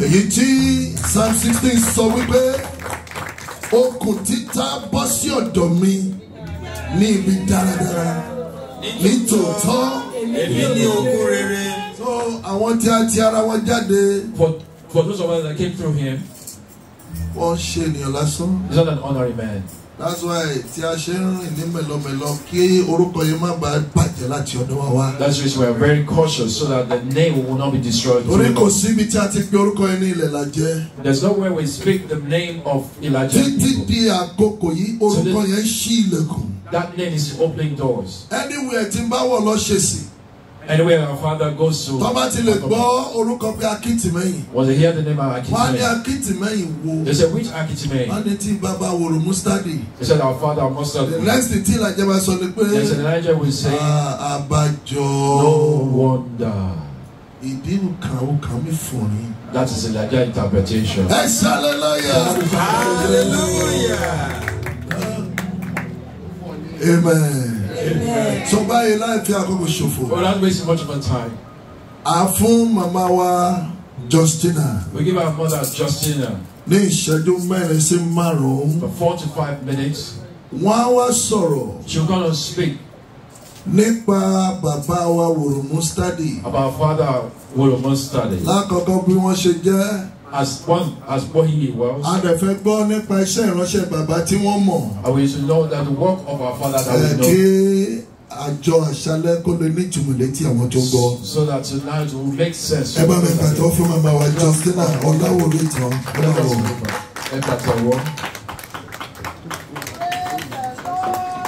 Èyí tí Psalm 16, so we pay. O kutita sí odomi ni ní ibi dáradára nítòótọ́ èmi ni okùn rere. So àwọn tí a ti ara wọn jáde. For for those of us that came through here wọ́n ṣe ènìyàn lásán. he is not an honorary man. That's why tí a ṣe ń rìn ní mẹ̀lọ́mẹ̀lọ́ kí orúkọ yẹn má bàa bàjẹ́ láti ọ̀dọ̀ wa wá. That's why we are very cautious so that the name will not be destroyed. Torí kò síbi tí a ti pe orúkọ yẹn ní ilẹ̀ lajẹ. There's nowhere we speak the name of Ìlàjẹ people. Títí di àkókò yìí orúkọ yẹn ṣí ilẹ̀kùn. That name is opening doors. Anywhere tí n bá wọ̀ lọ ṣèṣì. Anyway, our father goes to. Tọ́ba ti lè gbọ́ orúkọ pé Akitimehin. Was he hear the name of Akitimehin? Wọ́n á ní Akitimehin wo. They said which Akitimehin? Wọ́n ní tí bàbá wòrò Mustadi. They said our father Mustadi. The next thing tila Elijah sọ ni pé. They said Elijah will say. Ah, abájọ. No wonder. Ìdí nǹkan ó kàn mí fún mi. That is Elijah interpretation. Ẹ ṣe hallelujah. Hallelujah. Amen. Sọgbà yìí láì fi àkókò ṣòfò. We're that wasting much of our time. À fún màmá wa Justina. We give our mother Justina. Ní ìṣẹ́jú mẹ́rin sí márùn-ún. For four to five minutes. Wọ́n á wá sọ̀rọ̀. She's gonna speak. Nípa bàbá wa Wòròmú study. About father Wòròmú Stadi. Lákọ̀ọ́kọ́ bí wọ́n ṣe jẹ́ has born has born he well. a dẹ̀ fẹ́ gbọ́ nípa iṣẹ́ ìránṣẹ́ bàbá tí wọ́n mọ̀. and we to know that the work of our father that we know. kí àjọ àṣálẹ́ kó lè ní ìtumọ̀ àwọn tó gbọ́. so that tonight will make sense. ẹ bá mi gbàtọ́ fún màmá wa Justina ọ̀làwọlé tán ọ̀làwọ̀. ẹ gbàtọ̀ wọ.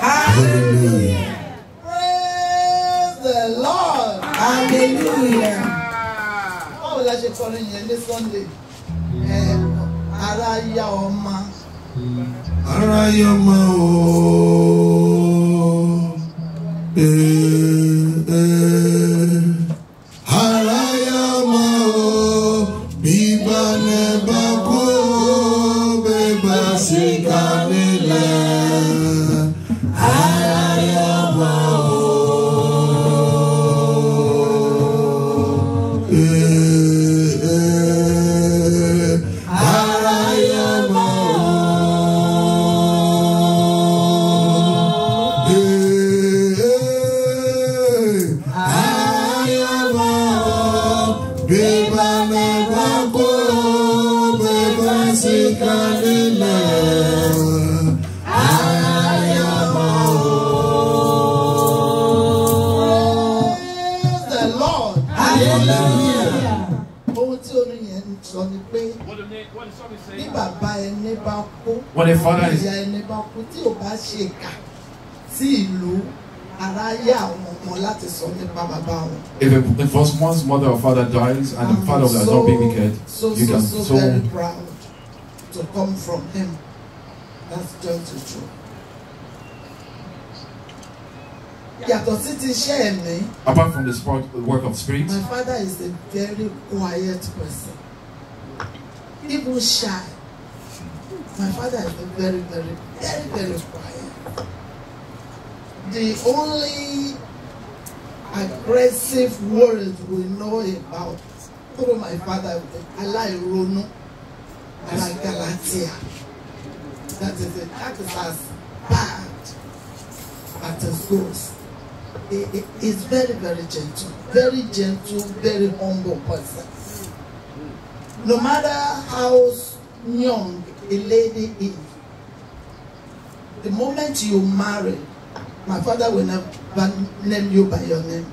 hallelujah. praise the lord. hallelujah. báwo la ṣe kọrin yẹn ní Sunday ara yá ọmọ. ara ọmọ ooo. Eh. But they find. Ìyá ẹni bá kú tí ò bá ṣe kà sí ìlú aráyé àwọn ọmọ láti sọ nípa bàbá wọn. If a if one's mother or father dies and I'm the father so, has not been wicked, so, you can so. So so very proud to come from him. That's just the truth. Yàtọ̀ sí ti iṣẹ́ ẹ̀mí. Apart from the sport, the work of spirit. My father is a very quiet person. Even shy. my father has been very, very, very, very quiet. The only aggressive words we know about through my father Alaironu and Galatia. That is it. That is as bad as it goes. It, very, very gentle. Very gentle, very humble person. No matter how young a lady Eve. The moment you marry, my father will never name you by your name.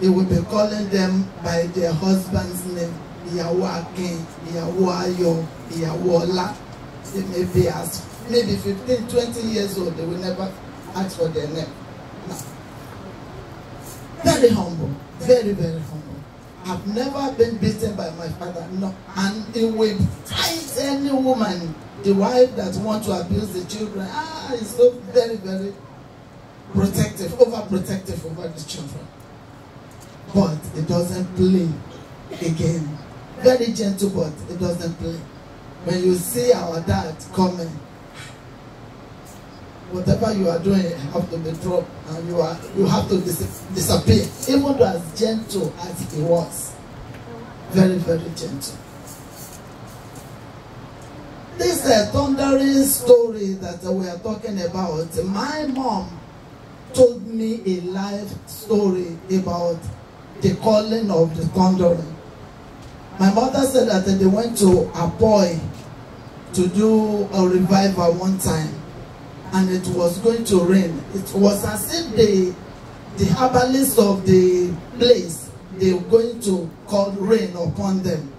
He will be calling them by their husband's name. Ìyàwó Akin, Ìyàwó Ayọ̀, Ìyàwó Ọlá. They may be as maybe 15, 20 years old. They will never ask for their name. No. Very humble. Very, very humble. I've never been beaten by my father. No. And he will fight any woman, the wife that want to abuse the children. Ah, he's so very, very protective, overprotective over the children. But he doesn't play again. Very gentle, but he doesn't play. When you see our dad coming, whatever you are doing, you have to withdraw and you are you have to dis disappear. Even though as gentle as he was, very very gentle. This uh, thundering story that uh, we are talking about, my mom told me a life story about the calling of the thundering. My mother said that they went to a boy to do a revival one time. and it was going to rain. It was as if the, the herbalists of the place, they were going to call rain upon them.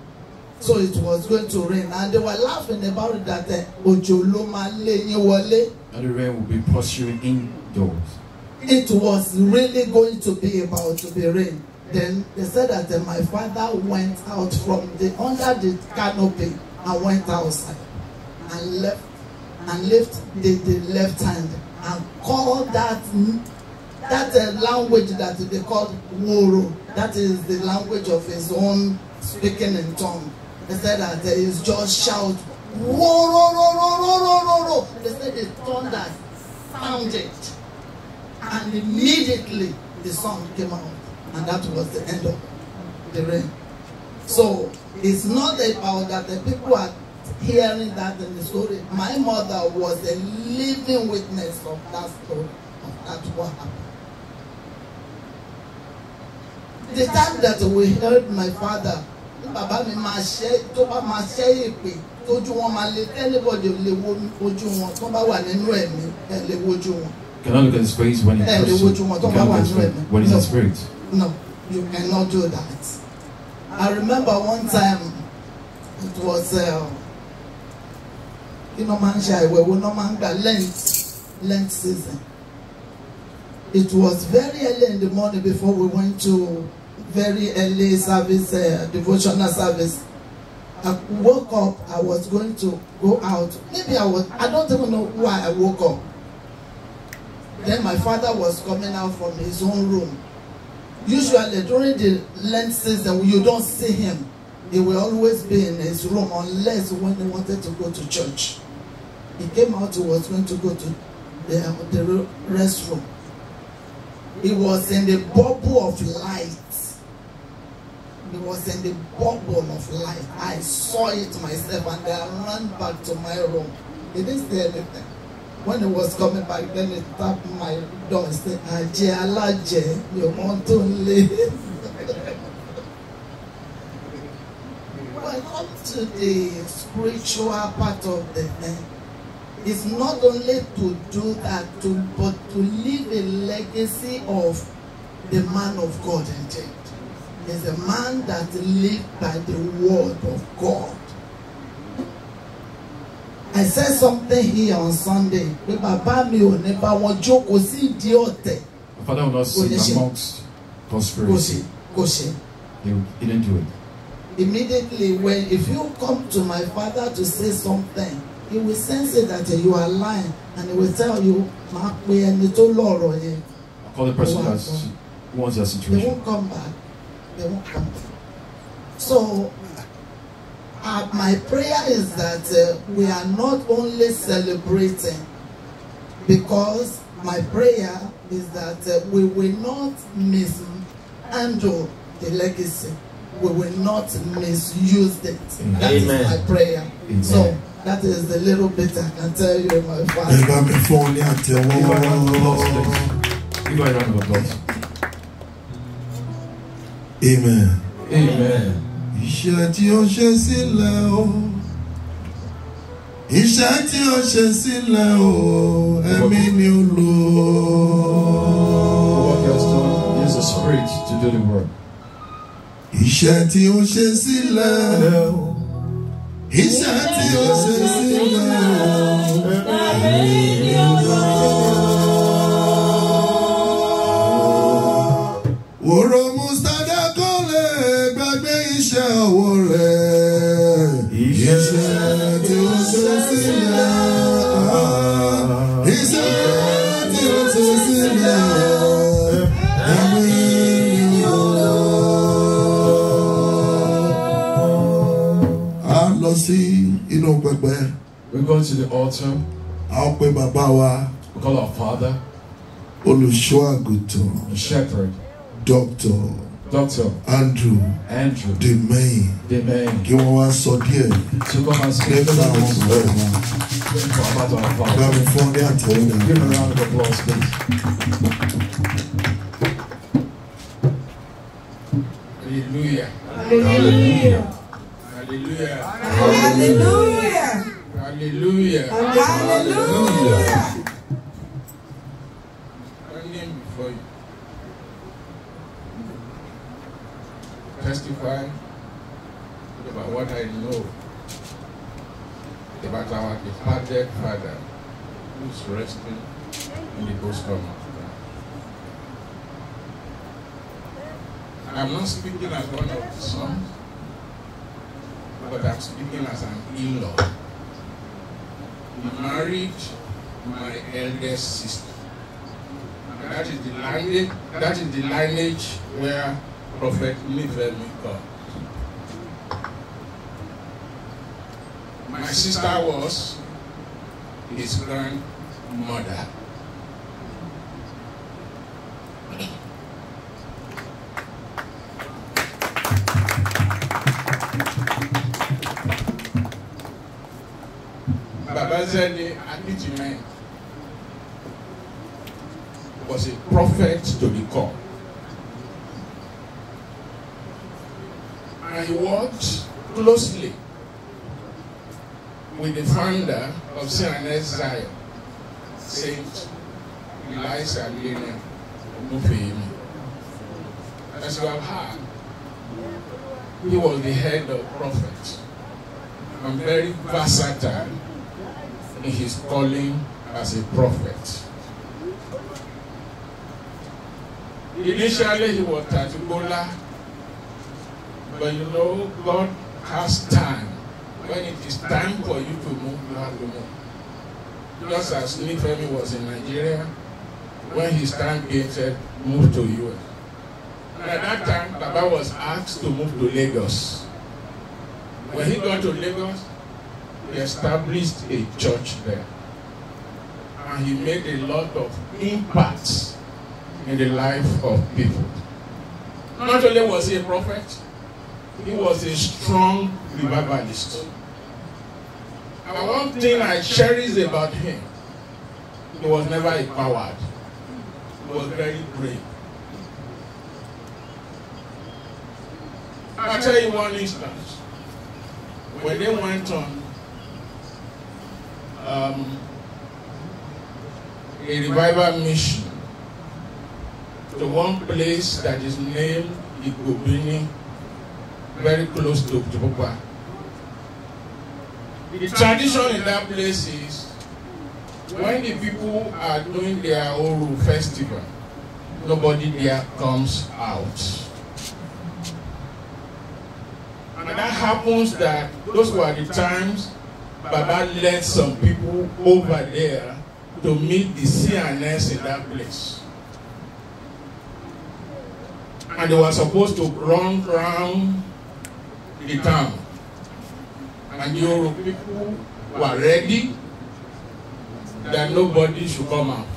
So it was going to rain. And they were laughing about it that Òjò eh, ló máa lé And the rain will be pursuing indoors. It was really going to be about to be rain. Then they said that uh, my father went out from the under the canopy and went outside and left and lift the, the left hand and call that that uh, language that they call Woro. That is the language of his own speaking in tongue. They said that there is just shout Woro, ro, ro, ro, ro, ro, ro. They said the thunder sounded, and immediately the song came out, and that was the end of the rain. So it's not about that the people are hearing that in the story. My mother was a living witness of that story, of that what happened. The time that we heard my father, bàbá mi máa ṣẹ́ tó bá máa ṣẹ́ èpè tójú wọn máa lé anybody lè wo ojú wọn tó bá wà nínú ẹ̀mí ẹ̀ lè wojú wọn. Can I look at his face when he curses you? Ẹ lè wojú wọn tó bá wà nínú When he's no. in spirit. No, you cannot do that. I remember one time it was. Uh, kí náà máa ń ṣe àìwẹ̀ wo náà máa ń gbà lent lent season it was very early in the morning before we went to very early service uh, devotional service I woke up I was going to go out maybe I was I don't even know why I woke up then my father was coming out from his own room usually during the lent season you don't see him He will always be in his room unless when he wanted to go to church. He came out, he was going to go to the, um, the restroom. He was in the bubble of light. He was in the bubble of light. I saw it myself and I ran back to my room. He didn't say anything. When he was coming back, then he tapped my door and said, Ajé alájẹ, mi ò mọ̀ tó to the spiritual part of the thing is not only to do that, to, but to leave a legacy of the man of God indeed. Is a man that lived by the word of God. I said something here on Sunday. Pé bàbá mi ò ní bá wọn jókòó sí ìdí ọ̀tẹ̀. father will not sit amongst conspiracy. Kò ṣe. Kò ṣe. He didn't do it immediately when if you come to my father to say something he will sense it that you are lying and he will tell you máa pe ẹni tó lọ́rọ̀ yẹn. call the person who has, who wants your situation. they won't come back they won't come back so uh, my prayer is that uh, we are not only celebrating because my prayer is that uh, we will not miss mishandle the legacy. we will not misuse it. Amen. That is my prayer. Amen. So that is the little bit I can tell you, my father. Give a round of applause. Amen. Amen. Iṣẹ́ tí ó ṣe sílẹ̀ o. Iṣẹ́ tí Amen. o. ise ti o ó Work your stone. Use the spirit to do the work. iṣẹ́ tí ó ṣe sílẹ̀ iṣẹ́ tí ó ṣe sílẹ̀. sí inú pẹpẹ. we go to the altar. a ó pe bàbá wa. we call our father. olùṣọ́ àgùntàn. the shepherd. doctor. doctor. Andrew. Andrew. Demain. Demain. kí wọ́n wá sọ díẹ̀. to come and speak to our father. for our father and father. báwo fún ní àtẹ̀wé. give a round of applause please. Hallelujah. Hallelujah. Hallelujah. Hallelujah. Hallelujah. Hallelujah. Standing before you. Testify about what I know about our departed father who's resting in the bosom of God. I'm not speaking as one of the sons. but I'm speaking as an in-law. He married my eldest sister. And that is the lineage, that is the lineage where Prophet Nifemi comes. My sister was his grandmother. Eze ni Anijime was a prophet to be called. I worked closely with the founder of CNS Zion, Saint Eliza Lena Mufemi. As you have heard, he was the head of prophet and very versatile in his calling as a prophet. Initially, he was Tatibola, but you know, God has time. When it is time for you to move, you have to move. Just as Nifemi was in Nigeria, when his time came, said, move to US. And at that time, Baba was asked to move to Lagos. When he got to Lagos, He established a church there. And he made a lot of impacts in the life of people. Not only was he a prophet, he was a strong revivalist. And one thing I cherish about him, he was never a coward. He was very brave. I'll tell you one instance. When they went on um, a revival mission to one place that is named Igbobini, very close to Ojibokwa. The tradition in that place is when the people are doing their Oru festival, nobody there comes out. And that happens that those were the times Baba led some people over there to meet the CNS in that place. And they were supposed to run round the town. And your people were ready that nobody should come out.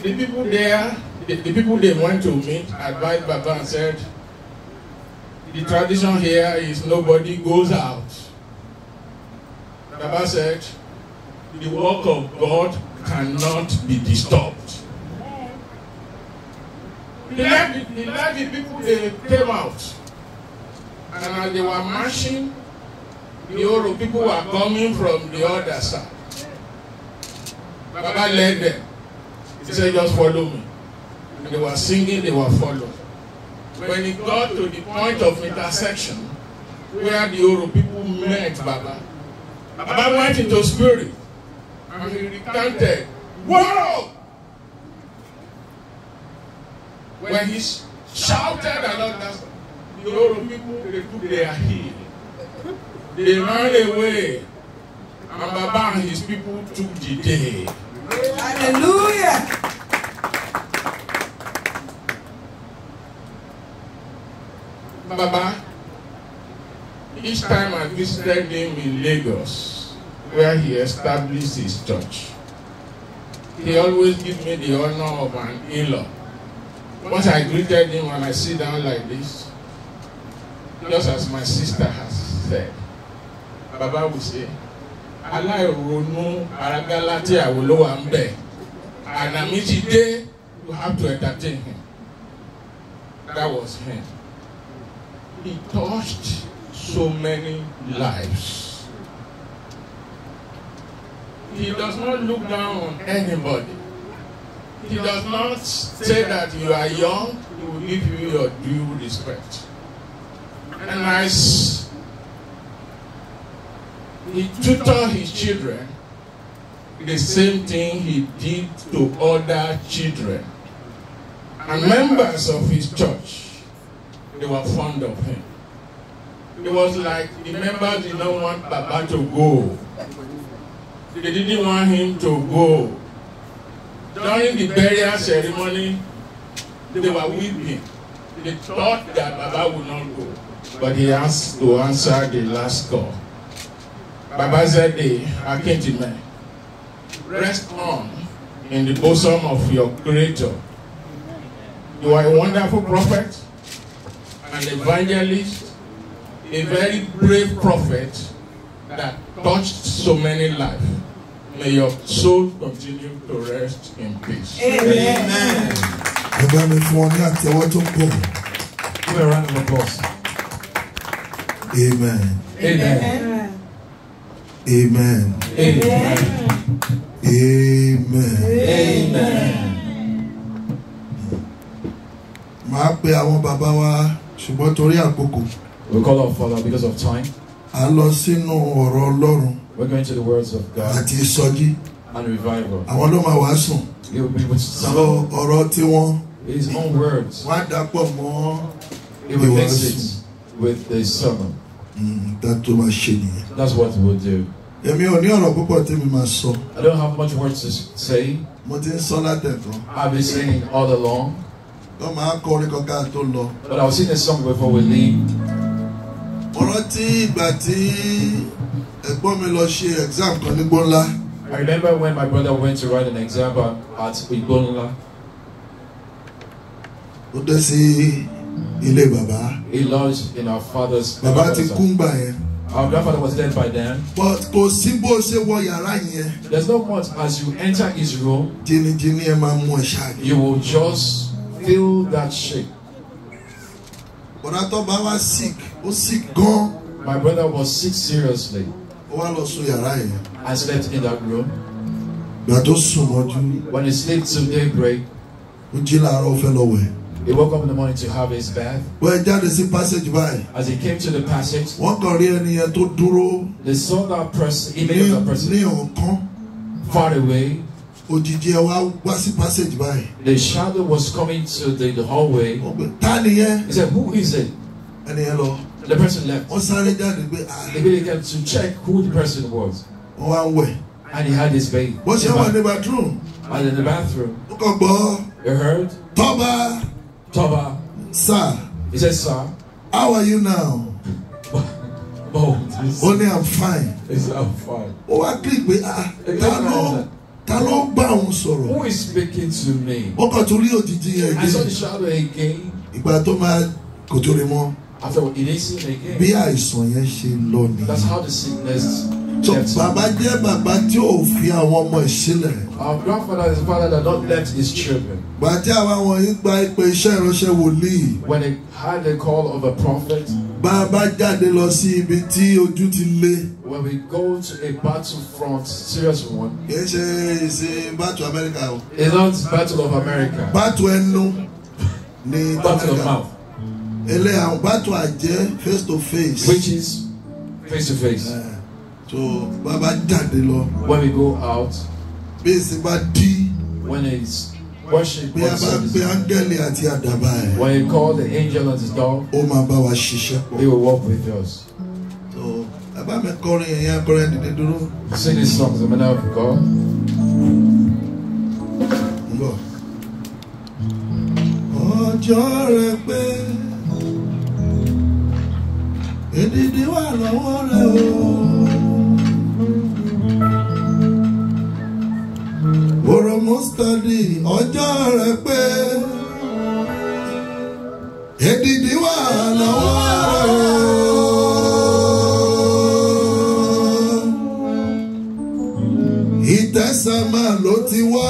The people there, the, the people they went to meet, advised Baba and said, the tradition here is nobody goes out. Baba said, the work of God cannot be disturbed. The Levy, the people, they came out. And as they were marching, the Oro people were coming from the other side. Baba led them. He said, just follow me. And they were singing, they were following. When it got to the point of intersection, where the Oro people met Baba, Baba went into spirit and he recanted. Whoa! When he shouted and all that, the old people they put their head. They ran away. And Baba and his people took the day. Hallelujah! Baba Each time I visited him in Lagos, where he established his church, he always gave me the honor of an elor. Once I greeted him when I sit down like this, just as my sister has said, Baba will say, aláìronú arágálá aragalati àwọn ló wà ń bẹ̀, you have to entertain him. That was him. He touched so many lives. He does not look down on anybody. He does not say that you are young, he will give you your due respect. And as he tutored his children, the same thing he did to other children. And members of his church, they were fond of him. It was like the members did not want Baba to go. They didn't want him to go. During the burial ceremony, they were weeping. They thought that Baba would not go. But he has to answer the last call. Baba said, Zede Akintime, rest on in the bosom of your Creator. You are a wonderful prophet, an evangelist, a very brave prophet that touched so many lives. May your soul continue to rest in peace. Amen. Ẹgbẹ́ mi fún ọ ní àtẹ́wọ́ tó pọ̀. Give a Amen. Amen. Amen. Amen. Amen. Amen. Màá pe àwọn bàbá wa ṣùgbọ́n torí àkókò. We call on Father because of time. A lọ sínú ọ̀rọ̀ Ọlọ́run. We're going to the words of God. Àti ìsọjí. And revival. Àwọn ló máa wá sùn. He will be with us. Àwọn ọ̀rọ̀ tiwọn. His own words. Wọ́n á dàpọ̀ mọ́ ìwà sùn. With the sermon. Mm, that tó máa ṣe That's what we will do. Èmi ò ní ọ̀rọ̀ púpọ̀ tí mi máa sọ. I don't have much words to say. Mo ti ń sọ látẹ̀kọ́. I've been singing all along. Lọ́ máa kankan tó lọ. But I was singing a song before we leave rántí ìgbà tí ẹ̀gbọ́n mi lọ ṣe exam kan ní gbọ́nlá. I remember when my brother went to write an exam at Igbonla. Ó dé sí ilé bàbá. He lodged in our father's. Bàbá ti kú gbà yẹn. Our grandfather was dead by then. But kò sí bó ṣe wọ yàrá yẹn. There's no point as you enter his room. Jìnnìjìnnì ẹ máa mú ẹ ṣáàgì. You will just feel that shake. Bọ̀dá tó bá wá sick ó sì gan. my brother was sick seriously. ó wá lọ sùn yàrá yẹn. I slept in that room. gbà tó sùn mọ́jú. when he slept till daybreak. ó jí làárọ̀ ó fẹ́ lọ wẹ̀. He woke up in the morning to have his bath. Wọ́n jáde sí passage báyìí. As he came to the passage. Wọ́n kàn rí ẹni yẹn tó dúró. They saw that person, image of that person. Ní ọ̀kan. Far away. Òjijì ẹ̀ wá wá sí passage báyìí. The shadow was coming to the, the hallway. Ọ̀gbẹ́ ta ni yẹn? He said, who is it? Ẹni yẹn lọ the person left. wọ́n sáré jáde pé. Ah, they really came to check who the person was. wọ́n wá ń wẹ̀. and he had his vein. bó ṣe wà ní bathroom. and in the bathroom. ó kàn gbọ́. you heard. tọ́ba. tọ́ba. sir. he said sir. how are you now. Oh, ó ní i'm fine. he said i'm fine. ó wá click pé ah ta ló ta ló ń sọ̀rọ̀. who is speaking to me. ó kàn tún rí òjijì yẹn again. i saw the shadow again. ìgbà tó máa kò tó lè mọ́ bí àìsàn yẹn ṣe lọ nìyẹn. So bàbá jẹ́ bàbá tí ò fi àwọn ọmọ ìsílẹ̀. Our grandfather is a father that not let his children. Gbàtí àwọn wọ̀nyí gba ìpè iṣẹ́ ìránṣẹ́ wòlíì. When he had the call of a prophet. Bàbá jáde lọ sí ibi tí ojú ti lé. When we go to a battle front, serious one. Kìí ṣe ìsìn battle America o. It's not battle of America. Battle ẹnu ni Battle of mouth ẹlẹ́yà bàtò àjẹ́ face to face. which is face to face. Uh, so bàbá jáde when we go out. bí èsì bá dí. when it's worship. bí a bá gbé áńgẹ́lì àti àdàbà ẹ̀. when he call the angel at his door. ó máa bá wa ṣiṣẹ́ he will work with us. so bàbá mi kọrin ẹ̀yìn akọrin ẹ̀ dìde dúró. sing these songs the man of God. ọjọ́ rẹ pé èdìdì wà lọ́wọ́ rẹ o. Oromo study ọjọ́ rẹ pé èdìdì wà lọ́wọ́ rẹ o. ìtẹ̀sánmà ló ti wá.